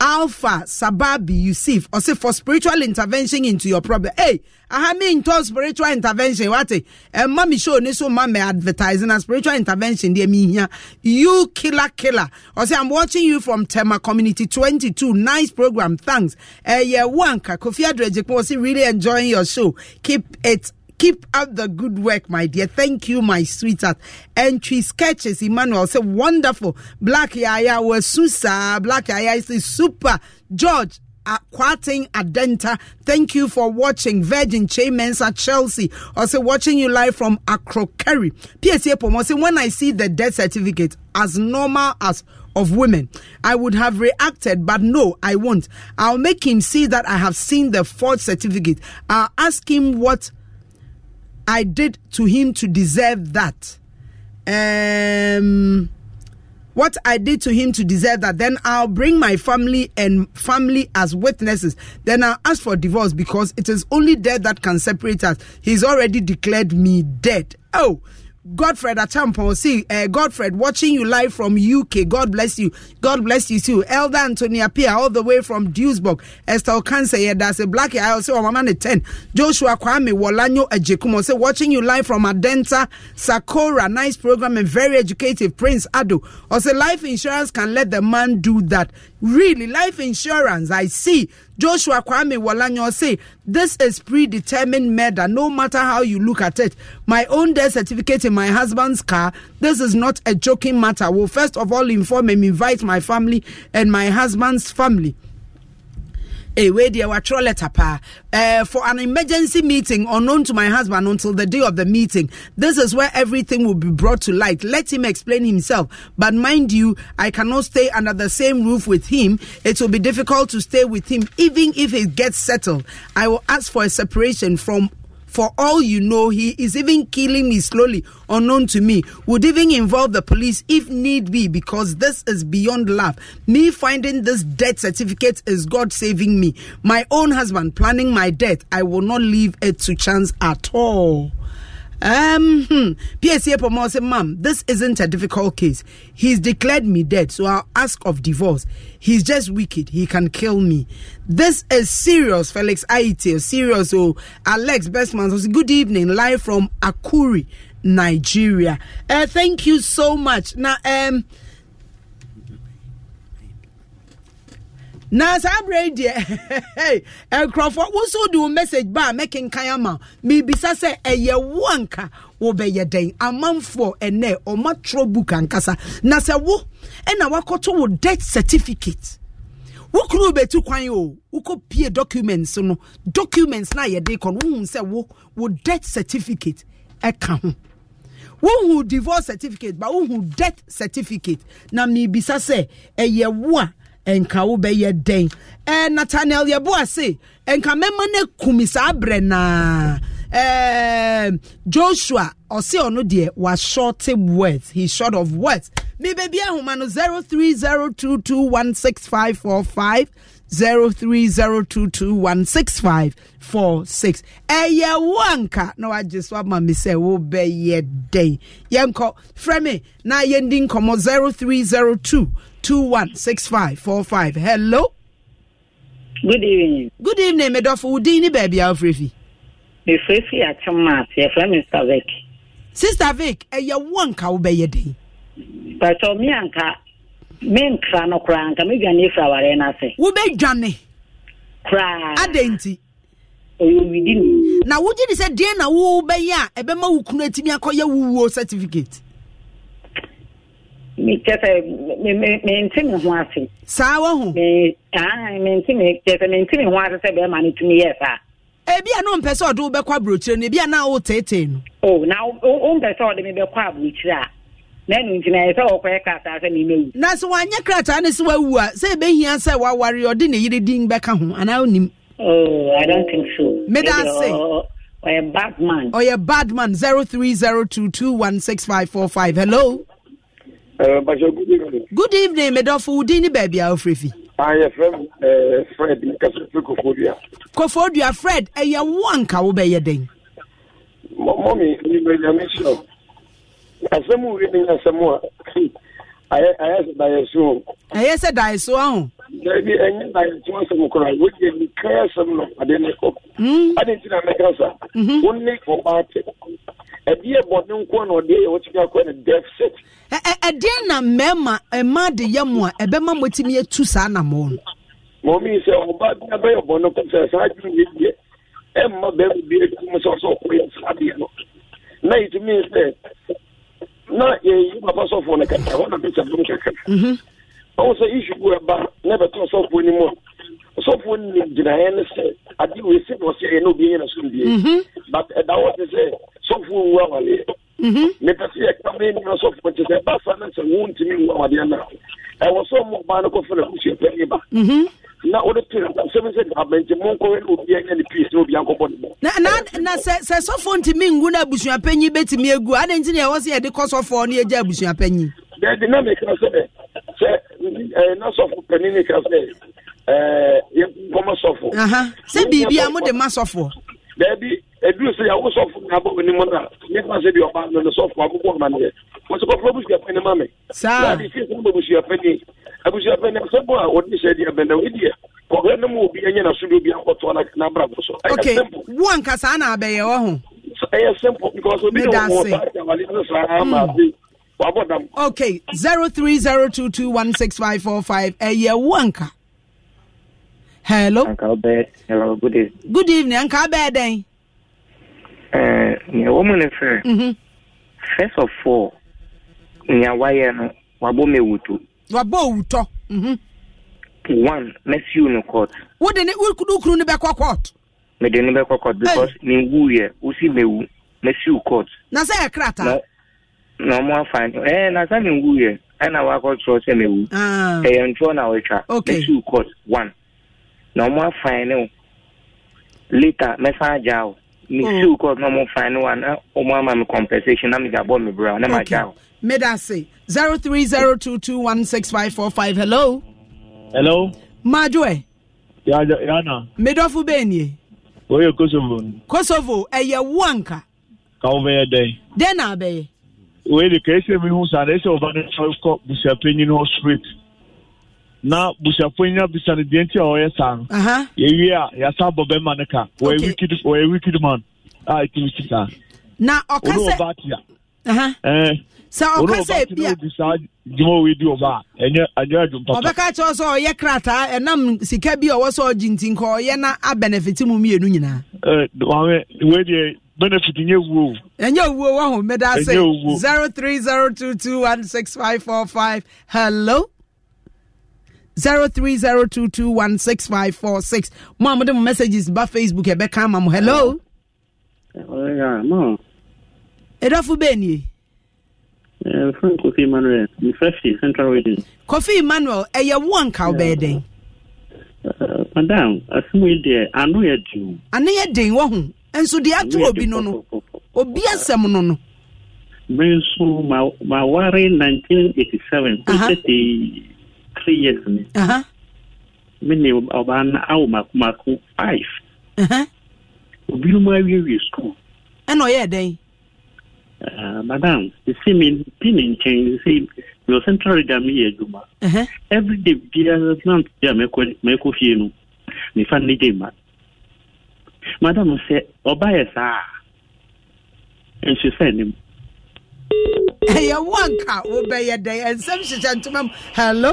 G: Alpha Sababi Yusuf or say for spiritual intervention into your problem. Hey, I mean to spiritual intervention. What a eh, and mommy show ni so advertising and spiritual intervention dear me here. You killer killer. Or say I'm watching you from Tema Community 22. Nice program. Thanks. Eh yeah, one Kofi Adrejik was really enjoying your show. Keep it Keep up the good work, my dear. Thank you, my sweetheart. Entry sketches, Emmanuel So wonderful. Black Yaya was Susa. Black Yaya is super. George, Aquating Adenta. Thank you for watching. Virgin Chamens at Chelsea. Also watching you live from Akrokeri. PSA Pomo. When I see the death certificate, as normal as of women. I would have reacted, but no, I won't. I'll make him see that I have seen the fourth certificate. I'll ask him what I did to him to deserve that. Um, what I did to him to deserve that, then I'll bring my family and family as witnesses. Then I'll ask for divorce because it is only death that can separate us. He's already declared me dead. Oh, Godfred Achampo, see, uh, Godfred, watching you live from UK. God bless you. God bless you too. Elder Antonia Pia, all the way from Duisburg. Esther Kansa, yeah, that's a black. I also, oh, mama, 10. Joshua Kwame, Wolanyo Ejekumo, say, watching you live from Adenta, Sakura. Nice program and very educative. Prince Ado. Also, life insurance can let the man do that. Really, life insurance, I see. Joshua Kwame Walanyo say, this is predetermined murder, no matter how you look at it. My own death certificate in my husband's car, this is not a joking matter. Well, first of all, inform and invite my family and my husband's family away there were letter pa eh, for an emergency meeting unknown to my husband until the day of the meeting. This is where everything will be brought to light. Let him explain himself. But mind you, I cannot stay under the same roof with him. It will be difficult to stay with him, even if it gets settled. I will ask for a separation from for all you know, he is even killing me slowly, unknown to me. Would even involve the police if need be, because this is beyond love. Me finding this death certificate is God saving me. My own husband planning my death. I will not leave it to chance at all. Um, hmm. PSA Pomo said, Mom, this isn't a difficult case. He's declared me dead, so I'll ask of divorce. He's just wicked. He can kill me. This is serious, Felix Aite. Serious. Oh, so, Alex Bestman says, Good evening, live from Akuri, Nigeria. Uh, thank you so much. Now, um, na saa abere yi deɛ [LAUGHS] nkurɔfoɔ wosow de wo message ba a mɛkenkan ama miribisa sɛ ɛyɛ wo anka wɔbɛyɛ dɛn amanfoɔ ɛnɛ ɔma twerɛ book ankasa na sɛ wo ɛna wakɔtɔ wo death certificate wo kunu bɛtu kwan o wokɔ pie documents no documents na yɛde kɔ no wohu sɛ wo wo death certificate ɛka ho wohu divorce certificate ba wohu death certificate na miribisa sɛ ɛyɛ wo a ɛnka wobɛyɛ dɛn eh, nathaniel yɛbo ase ɛnka mɛma ne akumi saa berɛ naa eh, joshua ɔse ɔno deɛ of words he short of words mebɛbi ahoma no 0302216545 0302216546 ɛyɛ wo anka na wagye so ama me sɛ wobɛyɛ dɛn yɛnkɔ frɛ me na yɛndi nkɔmmɔ 0302 216545 hello good evening good evening medɔfo wo din ne baabi a wofrɛ fi mefrɛ fi akyɛma ase sister vic sister vic ɛyɛ wo anka wobɛyɛ den pɛtɔ uh, me anka menkra no koraa anka medwane ɛfiri awareɛ no ase wobɛdwane koraa adɛn nti ɛyɛ owidini na wogye ne sɛ deɛ na wobɛyɛ a ɛbɛma wo kunu atumi akɔyɛ wowuo certificate kyɛsɛ mente me ho ase
A: saa wahu mente me kyɛsɛ mente me ho ase sɛ bɛrima no tumi yɛ saa
G: ebi a na ɔmpɛ sɛ ɔde wobɛkɔ aburokyire no ebi a na woteetee no o na wompɛ sɛ ɔde me bɛkɔ aburokyire a na ɛno nti na ɛyɛ sɛ wɔkɔyɛ krataa sɛ memɛwu na sɛ wanyɛ krataa ne sɛ wawu a sɛ ɛbɛhia sɛ waware ɔde ne yere din bɛka ho anaa wonim oh i don't think so meda ase ɔyɛ bad man ɔyɛ bad man 0302216545 hello Eh, good evening. Good evening, Medofo. Wudi ni baabi a
D: ofiri fi. Ayɛ fɛn ɛɛ Fred Nkaso fi
G: Kofodua. Fred, ɛyɛ eh, wo anka wo bɛyɛ den.
D: Mɔmɔ mi, mi bɛ nyame sɔ. Asɛm wo ni asɛm a. ayɛ sɛ daeɛso
G: ɛyɛ sɛ daeɛso aho
D: daabi ɛnyɛ daeɛso asɛm kora wogye nika asɛm no ade ne kɔ hmm. ade nti na mɛka sa mhm. wo ne na ɔdeɛ yɛ wotumi akɔ
G: ɛdeɛ na mmarima ɛma de yɛ mu a ɛbɛma mɔtumi atu saa namɔ no
D: mɔmi sɛ bi abɛyɛ bɔne kɔ sɛ saa ɛmma bi sɛ ɔsɛ ɔkɔyɛ no na ɛtumi na yɛyi papa sɔfoɔ no kata hɔ na bɛsɛ dom mhm. kakra ɔwo sɛ isu gu ɛba na ɛbɛtɔ sɔfoɔ no mu a sɔfoɔ no nim gyinaeɛ ne sɛ ade wei sɛ wɔ sɛ ɛyɛ na obiɛyɛ nasomdie mhm. but ɛda hɔ te sɛ sɔfoɔ wu awareɛ mepɛ mhm. sɛ yɛka me nua sɔfoɔ nte sɛ ɛba sa na sɛ wontumi wu awadeɛ no a ɛwɔ sɛ ɔmɔ ɔbaa no kɔfɛ na kusua pɛ ba na wode pirasɛm sɛ department monkɔhwɛ ne obi anyɛ ne pii sɛ obi ankɔbɔ ne bɔ
G: na na na sɛ sɛ sɔfoɔ ntimi ngu no abusuapanyi bɛtumi agu e ade nti ne ɛwɔ sɛ yɛde kɔ sɔfoɔ no yɛgya abusuapanyi
D: dɛde na meka sɛ dɛ sɛ na sɔfo pani ne ka sɛ yɛnkɔmɔ sɔfo sɛ biribia mode ma sɔfoɔ daabi eduru sɛ yawo sɔfo na abɔ ne mu na ne fa sɛ bi ɔba no ne sɔfo akokɔ ma ne yɛ wɔsɛ kɔfrɔ busua pɛ ne ma me saa de sie sɛ bɔ busua pɛ ne abusua pɛ ne sɛ bɔ a wɔde hyɛ deɛ bɛnɛ wɔdeɛ kɔhɛ no mu obi ɛnyɛ naso de obi akɔtoa na n'abra bo so ɛyɛ simple
G: wo anka saa na abɛyɛ wɔ ho ɛyɛ simple because obi ne wɔ saa
D: kyawale no saa hmm. ma
G: ase wabɔ dam okay zero three zero two two one six five four five ɛyɛ wo anka
A: hello. anka ọbẹ hello good evening.
G: good evening anka ọbẹ dẹn.
A: ẹ woman wọ́n mu ni fẹ́. Mhm. first of
D: all ǹyà wáyé no wàbọ̀ mi wùtọ́.
G: wàbọ̀ òwùtọ́.
D: one mercy unu court.
G: What de ne wúkúrú ni bẹ kọ́ court.
D: mi de ne bẹ kọ́ court because mi wú yẹ o sì mi wú mercy court. na sẹ́ yẹ kíra ta. na ọmọ afa ẹ na sẹ́ mi wú yẹ ẹ na wà á kọ́ sọ sẹ́ mi wú. ẹ̀yẹ̀ ntọ́ na ọ̀twa mercy court one na ọmụ afan no leta mesa aja o me mm. sue court na ọmụ fan o na ọmụ ama m compensation na m ga abọ m bra na m aja
G: o. medase zero three zero two two one six five four five hello. hello. madwe. yada yana. medɔfo bɛyɛ nie. kosovo. kosovo ɛyɛ wanka. k'aw bɛ yɛ dɛ. dɛ na bɛ yɛ.
D: oye de k'e se mi hun san ne o ba ne sɔ kɔ busa pe o street na busuafo nya bisa no deɛ nti a ɔyɛ saa no yɛwie a yɛasa bɔ bɛma no ka wɔyɛ wicked man a ɛtumi e si saa
G: na ɔka sɛ
D: sɛ ɔka sɛ bi a saa dwuma wɔdi ɔba a ɛnyɛ anyɛ adwumpa ɔbɛka
G: kyerɛ sɛ ɔyɛ krataa ɛnam sika bi a ɔwɔ sɛ ɔgye nti nka ɔyɛ na abɛnɛfiti mu mmienu nyinaa maame eh, wei deɛ benefit nye wuo. ẹ̀yẹ́ owó wọ́n hùn mí dá sí zero three zero two two one six five four five hello. 0302216546 mo a mode mo messages ba facebook ɛbɛka e ama mo hello ɛdɔfo bɛnie
A: frank kofi emmanuel mefrɛ fi central wedding
G: Coffee emmanuel ɛyɛ e wo anka wobɛyɛ dɛn eh,
A: madam asɛm yi deɛ ano yɛ den
G: ano yɛ den wɔ ho nso deɛ ato obi no no obi asɛm no no me nso
A: maware 1987 uh -huh three years ni uh, me ne ɔbaa uh-huh. no awo makomako five obinom awiewie school
G: ɛna ɔyɛɛ dɛn
A: madam ɛsi me pi ne nkyɛn ɛsi mewɔ central rega meyɛ adwuma everyday biara nante a mɛkɔ fie no mefa ne gye ma madam sɛ ɔbayɛ saa nso sɛ ne mu
G: ɛyɛ wo anka wobɛyɛ dɛn ɛnsɛm hyehyɛ ntoma mu hello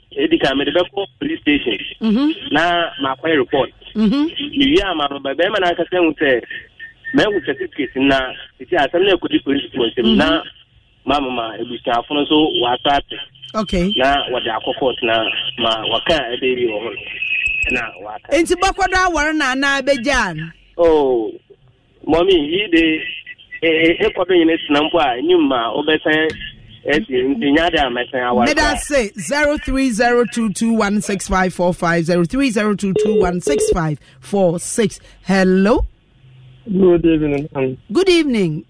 D: edi ka mede police station mm-hmm. na maakɔyɛ e report mewie mm-hmm. a maba bɛrima no ankasa hu sɛ certificate na asɛm na police mm-hmm. na wɔde e akɔ court na ma wɔka ɛbɛ e wɔ na wɔaka
G: enti bɔkɔdɔ awɔre na ana bɛgyaa
D: o mɔmi yi de ɛkɔbɛnyina tena a ma meda
G: se 0302216545 0302216546 hello good evening um, good evening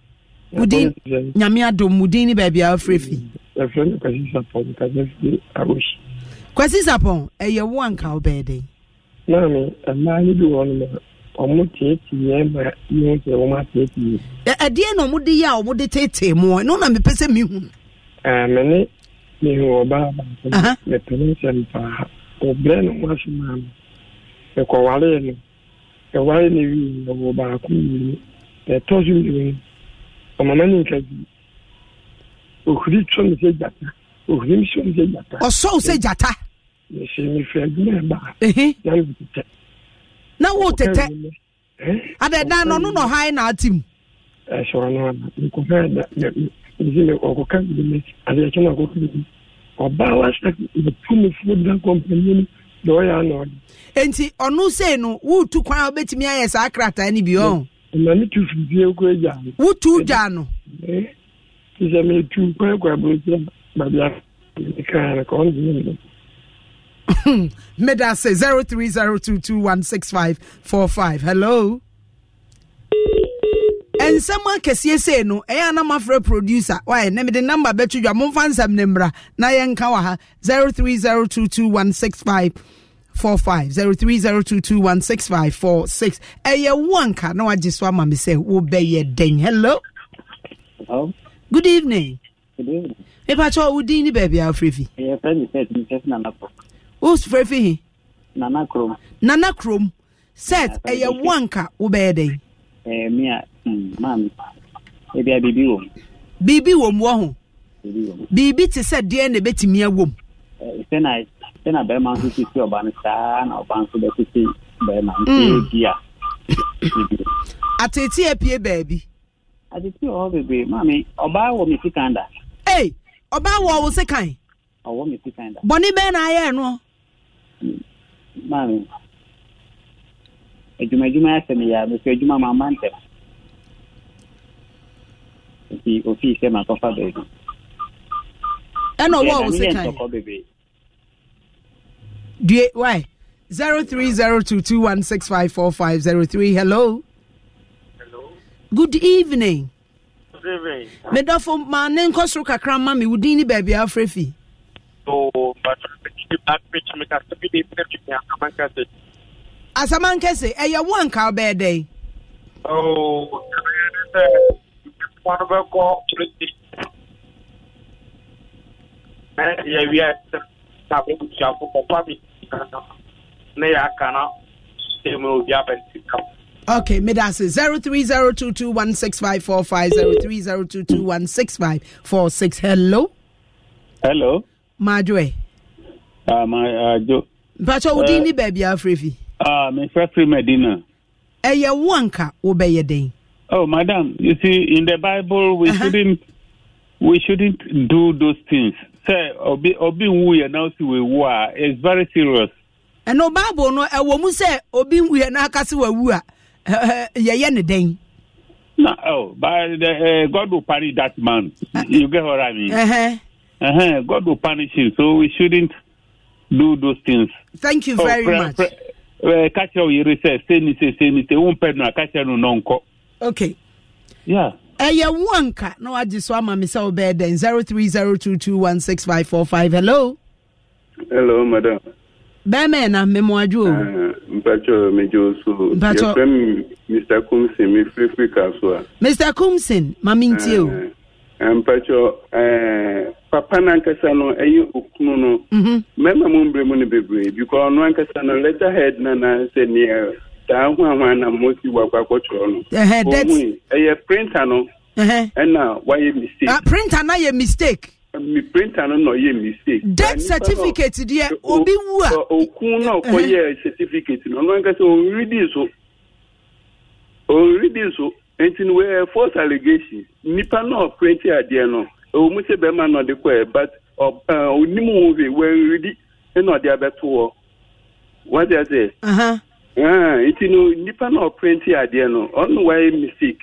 G: mudin Nyamia adom mudin ne baabi a wafrɛ fi kwasi sapɔn
D: ɛyɛ wo anka wobɛɛ dɛn maame mmaa no bi wɔ no ma ɔmo teetee ma yɛn sɛ wɔm ateetee
G: ɛdeɛ na ɔmode yɛ a ɔmode teetee moɔ ɛno na mepɛ sɛ mehu
D: me ne mehu ɔbaa baako mepɛne nsɛm paa ɔbrɛ no ho ase mekɔwaree no ɛware no wie ɛwɔ baako mmienu ɛtɔ so mmienu ɔmama nka bi ohuri me sɛ gyata ohuri sɛ me sɛ gyata
G: ɔsɔ wo sɛ gyata
D: adwuma ɛbaa na metetɛ
G: na adɛdan no
D: na ɛdisɛ ɔkɔka
G: bidimi adeɛkyɛ no akɔka bidimi ɔbaa wasa bɛtumifoɔ da kɔmpani mu deɛ ɔyɛ ana ɔde enti ɔno sei no wotu kwan a ayɛ saa krataa no bi ɔ mane tu firie kɔ agya no wotu gyaa no ti sɛ metu kwan kɔ abrɛkyira babia mekaa no ka ɔno deɛ no Medase 0302216545. Hello nsɛm akɛseɛ sei no ɛyɛ ana mafrɛ producer wayɛ na mede number bɛtwo dwa momfa nsɛm ne mmra na yɛnka wɔ ha 03022165 45 0302216546 ɛyɛ wo anka na wagye so ama me sɛ wobɛyɛ dɛn hello oh. good evening mepa kyɛ wodin ne baabi a wofrɛ fi wofrɛ fi he nana krom nana krom set ɛyɛ wo anka wobɛyɛ dɛn Hmm, ebi biribi wɔ mu. biribi wɔ mu wɔ ho.
A: biribi te sɛ deɛ na ebetumi awɔ mu. sɛnɛ sɛnɛ bɛrima nso sisi ɔba no saa na ɔba nso bɛ sisi bɛrima nso hmm. a.
G: atete apie baabi. atete wɔ hɔ bebree maame ɔbaa wɔ mi sikan da. ee ɔbaa wɔ ɔwɔ sikan. ɔwɔ mi sikan da. bɔnni na ayɛ no.
A: maame adwumadwuma asɛm yɛ a mefi adwuma maa ma ntɛm. nti ofii sɛ makɔfa baabi
G: ɛna ɔwɔ wo sekan due wai 0302216545 03 hello hello good evening good evening medɔfo ma ne nkɔ soro kakra ma me wo din ne baabi afrɛ fi asamankɛse ɛyɛ wo anka wobɛɛ dɛn
D: oh, fún ọ bẹ kọ polisi ẹ yẹ wíyà tàbí kùtù àkókò pàmì ne yà kàn án ṣe mi ò bí abẹ́rẹ́ ti kàn.
G: Okay, Midasi, 03022165450, 03022165446. Hello? Hello? Madwe?
D: Ah, uh, my, uh, ah, Joe. Mpacho, uh, eh, udini baby afrefi? Ah, uh, me frefi Medina.
G: Eye eh, wanka, ubeye den.
D: Oh, madam, you see, in the Bible, we uh-huh. shouldn't we shouldn't do those things. Say, obi obi wuye now see we wa. It's very serious.
G: And no Bible no, a woman say obi wuye na kasi we wa. Yeye ne den.
D: No, oh, but the, uh, God will punish that man. You get what I
I: mean? Uh-huh. Uh-huh. God will punish him, so we shouldn't do those things.
C: Thank you oh, very pre- much. Pre-
I: uh, catch your say, say, ni say, say, ni say, say, say, say, say, say, say,
G: say, okay. yeah. ɛyɛ wo anka na wagye so ama me sɛ five four five. hello
I: hello madam
G: bɛɛma ɛna memoadwo o ah,
I: mpatwɛ megye so yɛfrɛ mr comson mefirifiri ka so a
G: mr comson ma mentie o eh,
I: eh, mpatwɛ eh, papa no ankasa no ɛyɛ okunu no
C: mɛma
I: mhm. mu mberɛ mu no bebree because ɔno ankasa no head no anaasɛ neɛ saa ho ahwa na mmosi wakɔ akɔkyerɛ no ɔmui ɛyɛ printer no ɛna wayɛ mistake
G: ah, printer no ayɛ
I: mistake mi printer no na ɔyɛ mistake
G: death certificate deɛ obi wu a
I: okun na ɔkɔyɛ certificate no ɔno ankasa ɔnredi so ɔnredi so nti no wɔyɛ false allegation nipa na ɔprint adeɛ no ɛwɔ mu sɛ bɛrima na ɔde kɔɛ but ɔnim ho hwee wɔnredi ɛna ɔde abɛto hɔ wɔde ase nti no nnipa na ɔprɛnti adeɛ no ɔno wayɛ mistake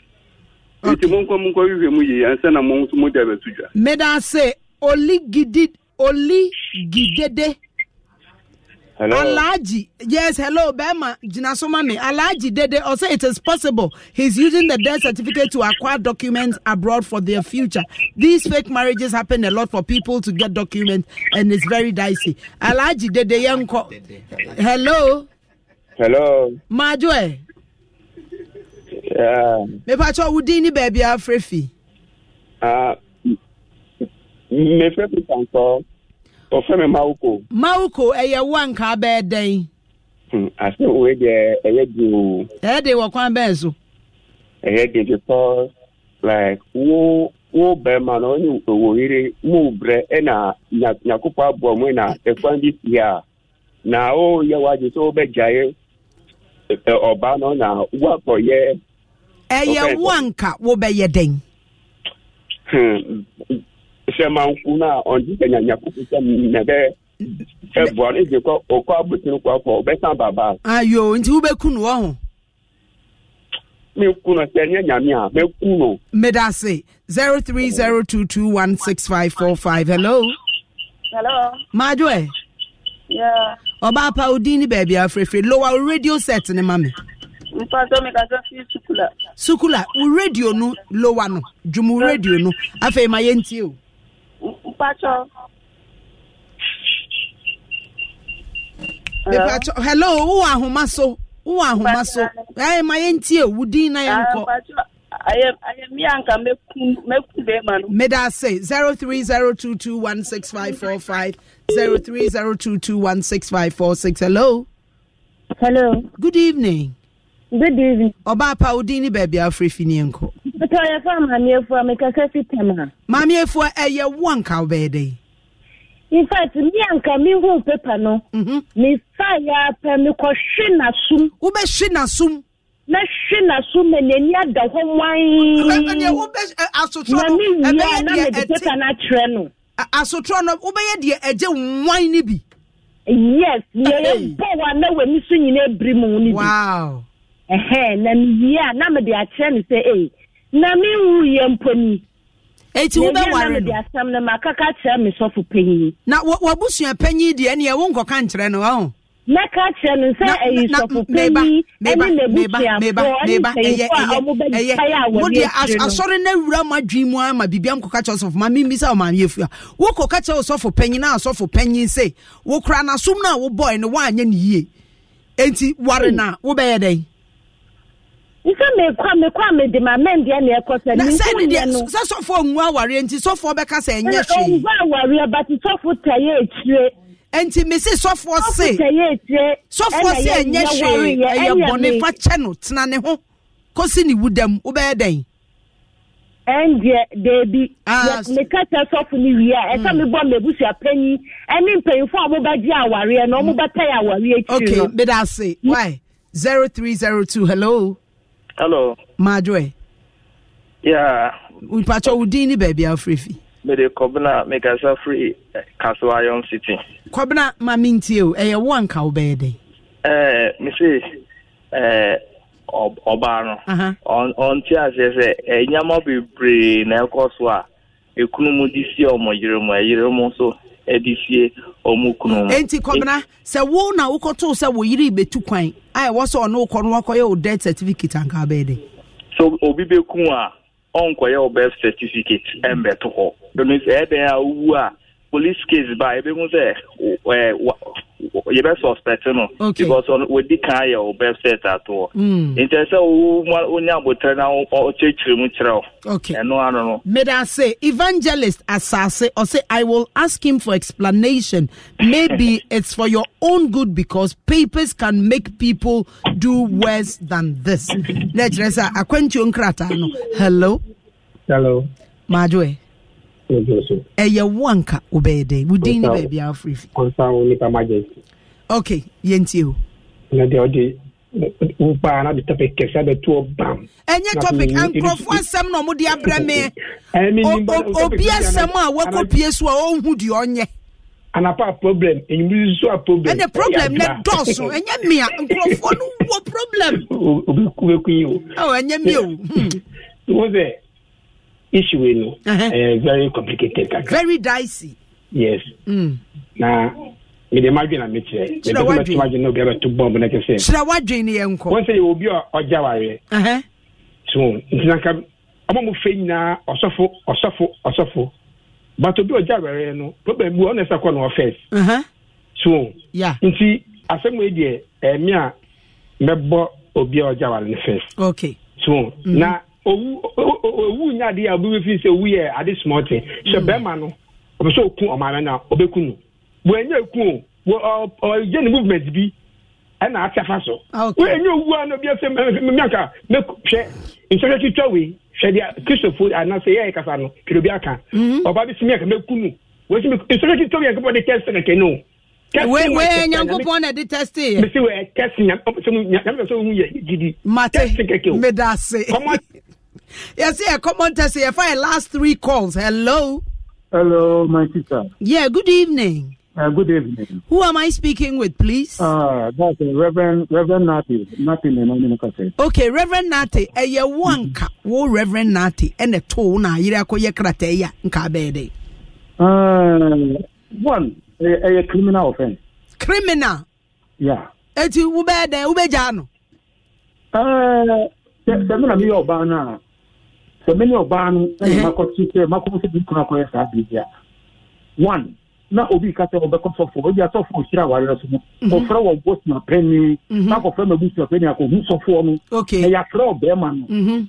I: nti monkɔ monkɔ hwehwɛ mu yie ansa na mo nso moda bɛto dwa
G: meda se oli gidi oli gidede Hello. Alaji, yes, hello, Bema, Jinasomami. Alaji Dede also it is possible he's using the death certificate to acquire documents abroad for their future. These fake marriages happen a lot for people to get documents and it's very dicey. Alaji Dede Yanko. Hello. hello majoe yeah. wo din ne ebi afrɛ fi uh, mefrɛ peter nkɔ Mawuko. ɛyɛ wo anka bɛɛ dɛn
D: hmm, deɛ ɛyɛ o
G: ɛyɛ wɔ kwan so
D: ɛyɛ because like wo wo mu brɛ ɛna ɛna bi si na sɛ ɔbaa no na woakɔyɛ
G: ɛyɛ wo anka wobɛyɛ dɛn
D: hmm, sɛ manko no a ɔnte sɛ nyanyakopo sɛ nɛbɛ ɛboa no de kɔ ɔkɔ abotiri kɔ akɔ ɔbɛsan babaa
G: ayo nti wobɛku no wɔ ho
D: meku no sɛ ɛnyɛ nyame a mɛku no
G: meda se 0302216545 hello hello madwoɛ yeah ɔbaa pa odin ne baabi afrɛfrɛ lowa radio set ne ma me sukula wo radio no lowa no dwom radio no afei ma yɛntie o hello wowɔ ahoma so wowɔ ahoma so ɛɛ ma yɛntie o wo din na yɛnkɔ medase 0302216545 zero three zero two two one six five four six. Hello. Hello. Good evening. Good evening. Ọba apa odi ni baabi afirifi ni nko. Ntọ́ yẹ fún maame efu a mekasa si tẹ̀m a. Maame efu ẹ yẹ wọ́n nka ọbẹ̀ dẹ̀. In fact, mi anka mi hu pepa no. Mhm. Mi sa ya pẹ mi kọ hwe na sum. Wobɛ hwe na sum. Na hwe na sum na n'ani ada hɔ wanyi. Wobɛ asotɔ no ɛbɛyɛ deɛ ɛti. Na mi wia na mi de pepa na kyerɛ no. asotorɔ no wobɛyɛ deɛ ɛgye wan no bi yes yɛyɛ mpɔ wɔ na w'ani so nyinaa biri mu no bi ɛhɛn na mewie a na mede akyerɛ no sɛ ei na menwu yɛ mpo ni
H: eti wo bɛ ware
C: asɛm
G: no makaka kyerɛ me sɔfo panyin na wabusua panyin deɛ ɛneɛ wo nkyerɛ no ɔho mɛka kyerɛ no sɛ ɛyi sɔfopanyin ɛne n'abusuafoɔ ɛne mpanyinfoɔ a wɔn bɛ gyae a wɔn yɛ akyire no. asɔre na wura ma dwi mu ama bibi am kɔka kyerɛ sɔfo maa mi bisa ɔmaa mi efu a wokɔ ka kyerɛ sɔfopanyin na sɔfopanyin se wokura n'asom na wobɔɛ no wanyɛ ne yie eti ware na wobɛyɛ dɛ. nsa mekɔ mekɔ a mede ma mɛndeɛ na ɛkɔ sɛ ne nkɔnyɛ no sɛ sɔfo ongu awareɛ nti sɔfo bɛka sɛ ɛnyɛ hwee ɔngu awareɛ bati sɔfo tɛyɛ akyire nti mesi sɔfoɔ se sɔfoɔ se ɛnyɛ hwee ɛyɛ bɔne fa kyɛ no tena ne ho kɔsi ne wu dam wobɛyɛ dɛn ɛndeɛ deebi meka sɛ sɔfo no wie a ɛsɛ mebɔ mabusua panyin ɛne mpanyimfo a mobɛgye awareɛ na ɔmobɛta yɛ awareɛ kyiri no meda ase why 0302 hello hello madwoɛ yeah. mpakyɛ wo din ne baabi a wofrɛ mede
D: kɔbena mekasa firi eh, kasoayɔn city
G: kɔbena ma mentie o ɛyɛ wo anka
C: wobɛyɛ dɛn
D: eh, mese eh, ɔbaa no uh -huh. ɔnte aseɛ sɛ eh, ɛnyama bebree na ɛkɔ so a ɛkunu mu de sie ɔmɔ yere mu ɛyere mu nso ɛde sie ɔmo kunu mu enti kɔbena eh,
G: sɛ wo na wokɔtoo sɛ wo yere bɛtu kwan a ɛwɔ sɛ ɔne wokɔ no wakɔyɛ wo death certificate anka wobɛyɛ dɛn
D: so obi bɛku a ɔnkɔyɛ wo birth certificate ɛmbɛto hɔ ɛno sɛ ɛdɛn a wowu a police case ba ɛbɛhu sɛ yɛbɛ suspect no okay. because wɔdi kan yɛ wo website atoɔ hmm. nti sɛ wonya abotire na ɔkyerɛkyerɛ mu kyerɛ Okay. ɛno ano no
G: meda se evangelist asase say i will ask him for explanation maybe [LAUGHS] it's for your own good because papers can make people do worse than this [LAUGHS] na kyerɛ sɛ akwantuo nkrataa hello hello madwoe ɛyɛ wo anka wobɛyɛ dɛn wo din ne baabi a wofiri fi ok
D: yɛntie o wopaa de topic kɛsɛ bɛtoɔ ɛnyɛ topic ankurɔfoɔ
G: asɛm na ɔmode abrɛ me
D: obi asɛm a wakɔpie so a ɔnhu deɛ ɔnyɛ anapa a problem enyimbi nso a problem. ɛnna problem ne dɔɔso ɛnyɛ
G: mia nkurɔfoɔ no wɔ problem.
D: obi kubekun yi
G: o. ɛnyɛ mia
D: o issue wey no ɛyɛ very complicated kakra.
G: very dicey.
D: yes. Mm. na mede ma dwen na me kyerɛ mebɛtumi adwen na obi abɛto bɔmb na kyɛ sɛ kyerɛ
G: woadwen ne yɛnkɔ
D: wɔn sɛ yɛwɔ obi a ɔgya wareɛ uh-huh. so nti nanka ɔma mu fɛ nyinaa ɔsɔfo ɔsɔfo ɔsɔfo but obi ɔgya wareɛ no problem bi ɔna ɛsɛ kɔ na ɔfɛs so nti asɛm wei deɛ ɛme a mɛbɔ obi a ɔgya ware no
C: fɛs so na
D: owu owu nya adi a obi bi fi sɛ owu yɛ adi small thing sɛ mm. bɛrima no ɔbɛ sɛ oku ɔmaame na ɔbɛ ku no wɔn enyo eku o ɔyɛ ne movement bi ɛna ati afa so ah, wɔn enyo owu a na obi ɛsɛ mmeka hwɛ nsɛsɛ titwa wei hwɛ deɛ kristofo anase yɛ kasa no kiri obi aka mm-hmm. ɔba bi si mmeka mɛku no wɔn si nsɛsɛ titwa wei nkɛpɔ de tɛsɛ kɛkɛ no.
G: wee nyankopɔn na ɛde tɛste yɛ eh, mate meda ase Yes, yeah, come on, Tessie. If I last three calls, hello. Hello, my sister. Yeah, good evening. Uh, good evening. Who am I speaking with, please?
D: Uh, that's uh, Reverend Reverend Nati. Nati Nenominokase.
G: Okay, Reverend Nati. A you one? wo Reverend Nati and a two na yirako ye krateya nkabede.
D: Uh, one a, eh, a eh, criminal offense.
G: Criminal. Yeah. Eti eh, ube de ube jano. Uh, the minute me
D: your sɛ mene ɔbaa no ɛne mhm. makɔte sɛ makɔmu sɛ binkuna kɔyɛ saa biribi a one na obi ka sɛ ɔbɛkɔ sɔfo obi asɔfo ɔhyira awareɛ so no mhm. ɔfrɛ wɔ bosuapɛni na mhm. kɔfrɛ ma bosuapɛni akɔhu sɔfoɔ no na yɛafrɛ ɔbɛrima
G: no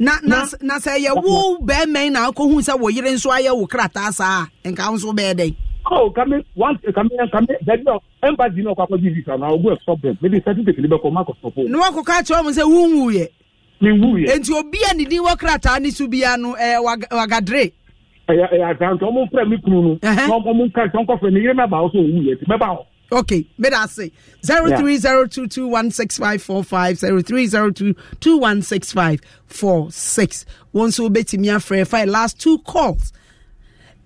G: na na na sɛ yɛ wo bɛrima yi na akɔhu sɛ wo yere nso ayɛ wo krataa saa nka nso bɛɛ dɛn oh kame once kame kame bẹẹbi náà ẹnba di náà kọ akọ jí
D: visa náà ogún ẹ sọ bẹẹ bẹẹbi sẹtí tètè níbẹ kọ ọmọ akọ sọ fún. ni wọn
G: kò ká ni nti obi a ne din wɔ krataa ne so biara no ɛɛ eh, wagadre. ɛyɛ eh, ɛyɛ eh, asante ɔmo mpɛ mi kunu no. ɔmo nka sɛ ɔnkɔfɛ ne yere mɛ ba ɔsɔ owu yɛ ti mɛ two hɔ. okay meda ase 0302216545 0302216546 wɔn nso wobɛtumi afrɛ fa last two calls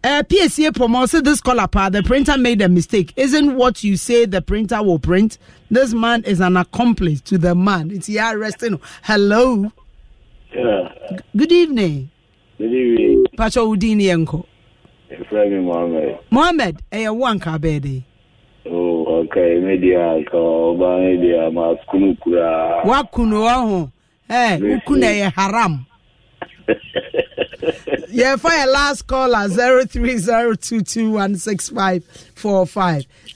G: Uh, eh, PSCA promo said this color part the printer made a mistake. Isn't what you say the printer will print? This man is an accomplice to the man. It's here arrest. Hello. Yeah. good evening. Good evening. Pacho Udini Enko. Friend Mohammed. Mohammed, eh, Oh, okay. Media,
D: kwa media, maskunu kura.
G: Wakunu waho. Eh, hey, ukune haram. [LAUGHS] [LAUGHS] yeah, for your last call at 0302216545.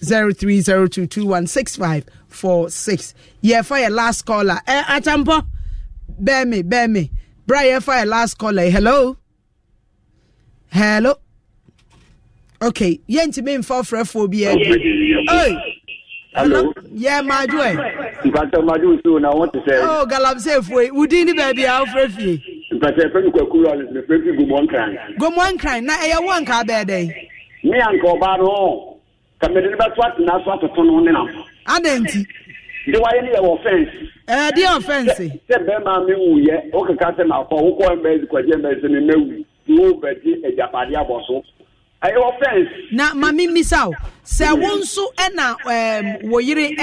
G: 0302216546. Yeah, for your last caller. Eh, Atampo, bear me, bear me. Brian, for your last caller. Hello? Hello? Okay, yẹn ti mi for ọfrẹfọ bi ẹ. Hello. Yeah, Madu.
D: Mpata Madu so na wọ́n ti sẹ́. Oh,
G: galamsey fo, wùdí ni bẹ̀ẹ̀bi àwọn
D: fẹ́ fìyè. mpɛsɛ fɛn kwaku rollins na efe fi gomuwa nkran.
G: nkran na ɛyɛ wɔn nka bɛɛ dɛ.
D: ne yà nka ɔbaa no kàmɛdé ni bɛ to atena so atoto no ne nam. nti. de wáyé ni yɛ wɔ fɛnsi. ɛɛ yɛ fɛnsi. sɛ mi yɛ o kaka sɛ e e o kɔ kɔjɛ mɛ di ɛjapade so.
G: ɛyɛ wɔ fɛnsi. E na maami misaw sɛ nso ɛna ɛɛ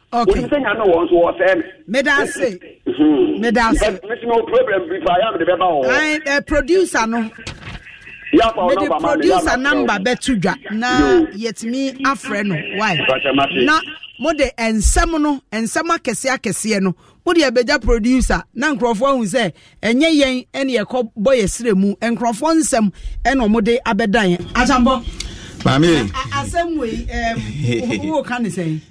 D: okay wotu sɛ nyame wɔn so wɔsɛɛ
G: ase ase producer no mede producer number bɛto dwa na yɛtumi afrɛ no why na mode nsɛm no nsɛm akɛseɛ akɛseɛ no mode ɛbɛgya producer na nkurɔfoɔ ahu sɛ ɛnyɛ yɛn bɔ yɛ mu nkurɔfoɔ nsɛm ɛna ɔmode abɛdan akyambɔ maame asɛm wei wo ka ne sɛn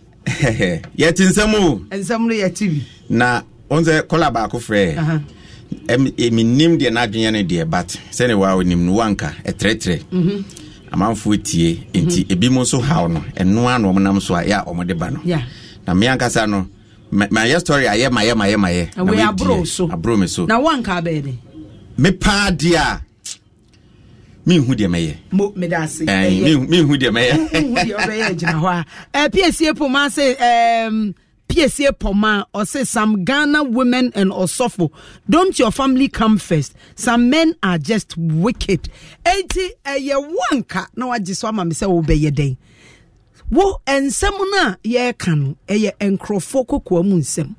F: [LAUGHS] yɛte nsɛm o
G: nsɛm no yɛte bi
F: na ɔn sɛ kɔla baako frɛ e, menim deɛ n'adwene no deɛ but sɛne wa wonim no woanka ɛtrɛtrɛ mhm. amanfoɔ tie nti mhm. ebi mo nso haw no ɛnoa na nam so a yɛ a ɔmde ba no na me ankasa no ma mayɛ story ayɛ mayɛ mayɛ mayɛ aboro me so na
G: woanka bɛɛ de
F: mepaa deɛ a mehu deɛ
G: mɛyɛmehu deɛ mɛyɛ piesie poma se Psa eh, [LAUGHS] eh, poma ɔse some ghana women and ɔsɔfo don't your family come first some men are just wicked enti ɛyɛ wo wanka na wagye so ama me sɛ wobɛyɛ dɛn wo nsɛm no a yɛreka no ɛyɛ nkurɔfoɔ kokoa mu nsɛm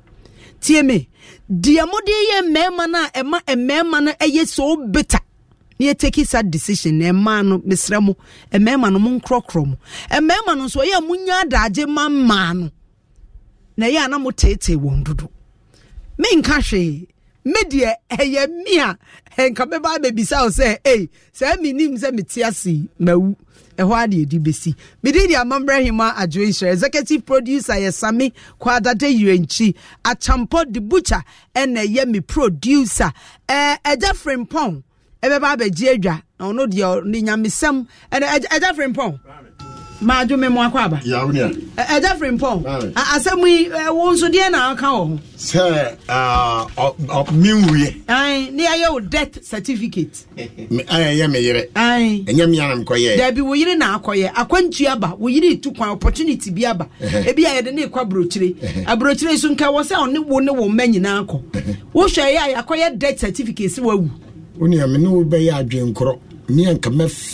G: tie me deɛ mode yɛ mmarima no a ɛma mmarima no ɛyɛ so beta na yɛtaki saa decision na eh, ɛmaa no mesrɛ mo eh, mmarima no mo nkorɔkorɔ mo eh, mmarima no nso ɔyɛ a monya adagye ma mmaa no na ɛyɛ a na moteetee wɔn dodo menka hwee me deɛ ɛyɛ me a nka mɛba abɛbisa wo sɛ ei saa menim sɛ mete ase mawu ɛhɔ a deɛ di bɛsi mede deɛ amammerɛ hema adwoe hyerɛ executive producer yɛ same kwadada yirenkyi achampɔ de butcher ɛna ɛyɛ me producer ɛɛ ɛgya frimpɔn ɛbɛba abɛgye adwa na ɔno deɛ ne nyamesɛm ɛnɛ ɛgya e, e, firi mpɔn maa dwome mu akɔ aba ɛgya e, firi mpɔn asɛm yi wo nso deɛ na aka wɔ ho
D: sɛ menwie
G: ne yɛyɛ wo death certificate ɛyɛ me yere ɛnyɛ me ana mekɔyɛ daabi wo yere na akɔyɛ akwantua aba wo yere tu kwan opportunity bi aba ebi a yɛde ne kɔ aburokyire aburokyire so wɔ sɛ ɔne wo ne wo mma nyinaa kɔ wohwɛ yɛ a death certificate wo nea me ne wo bɛyɛ adwenkorɔ ne anka mɛfa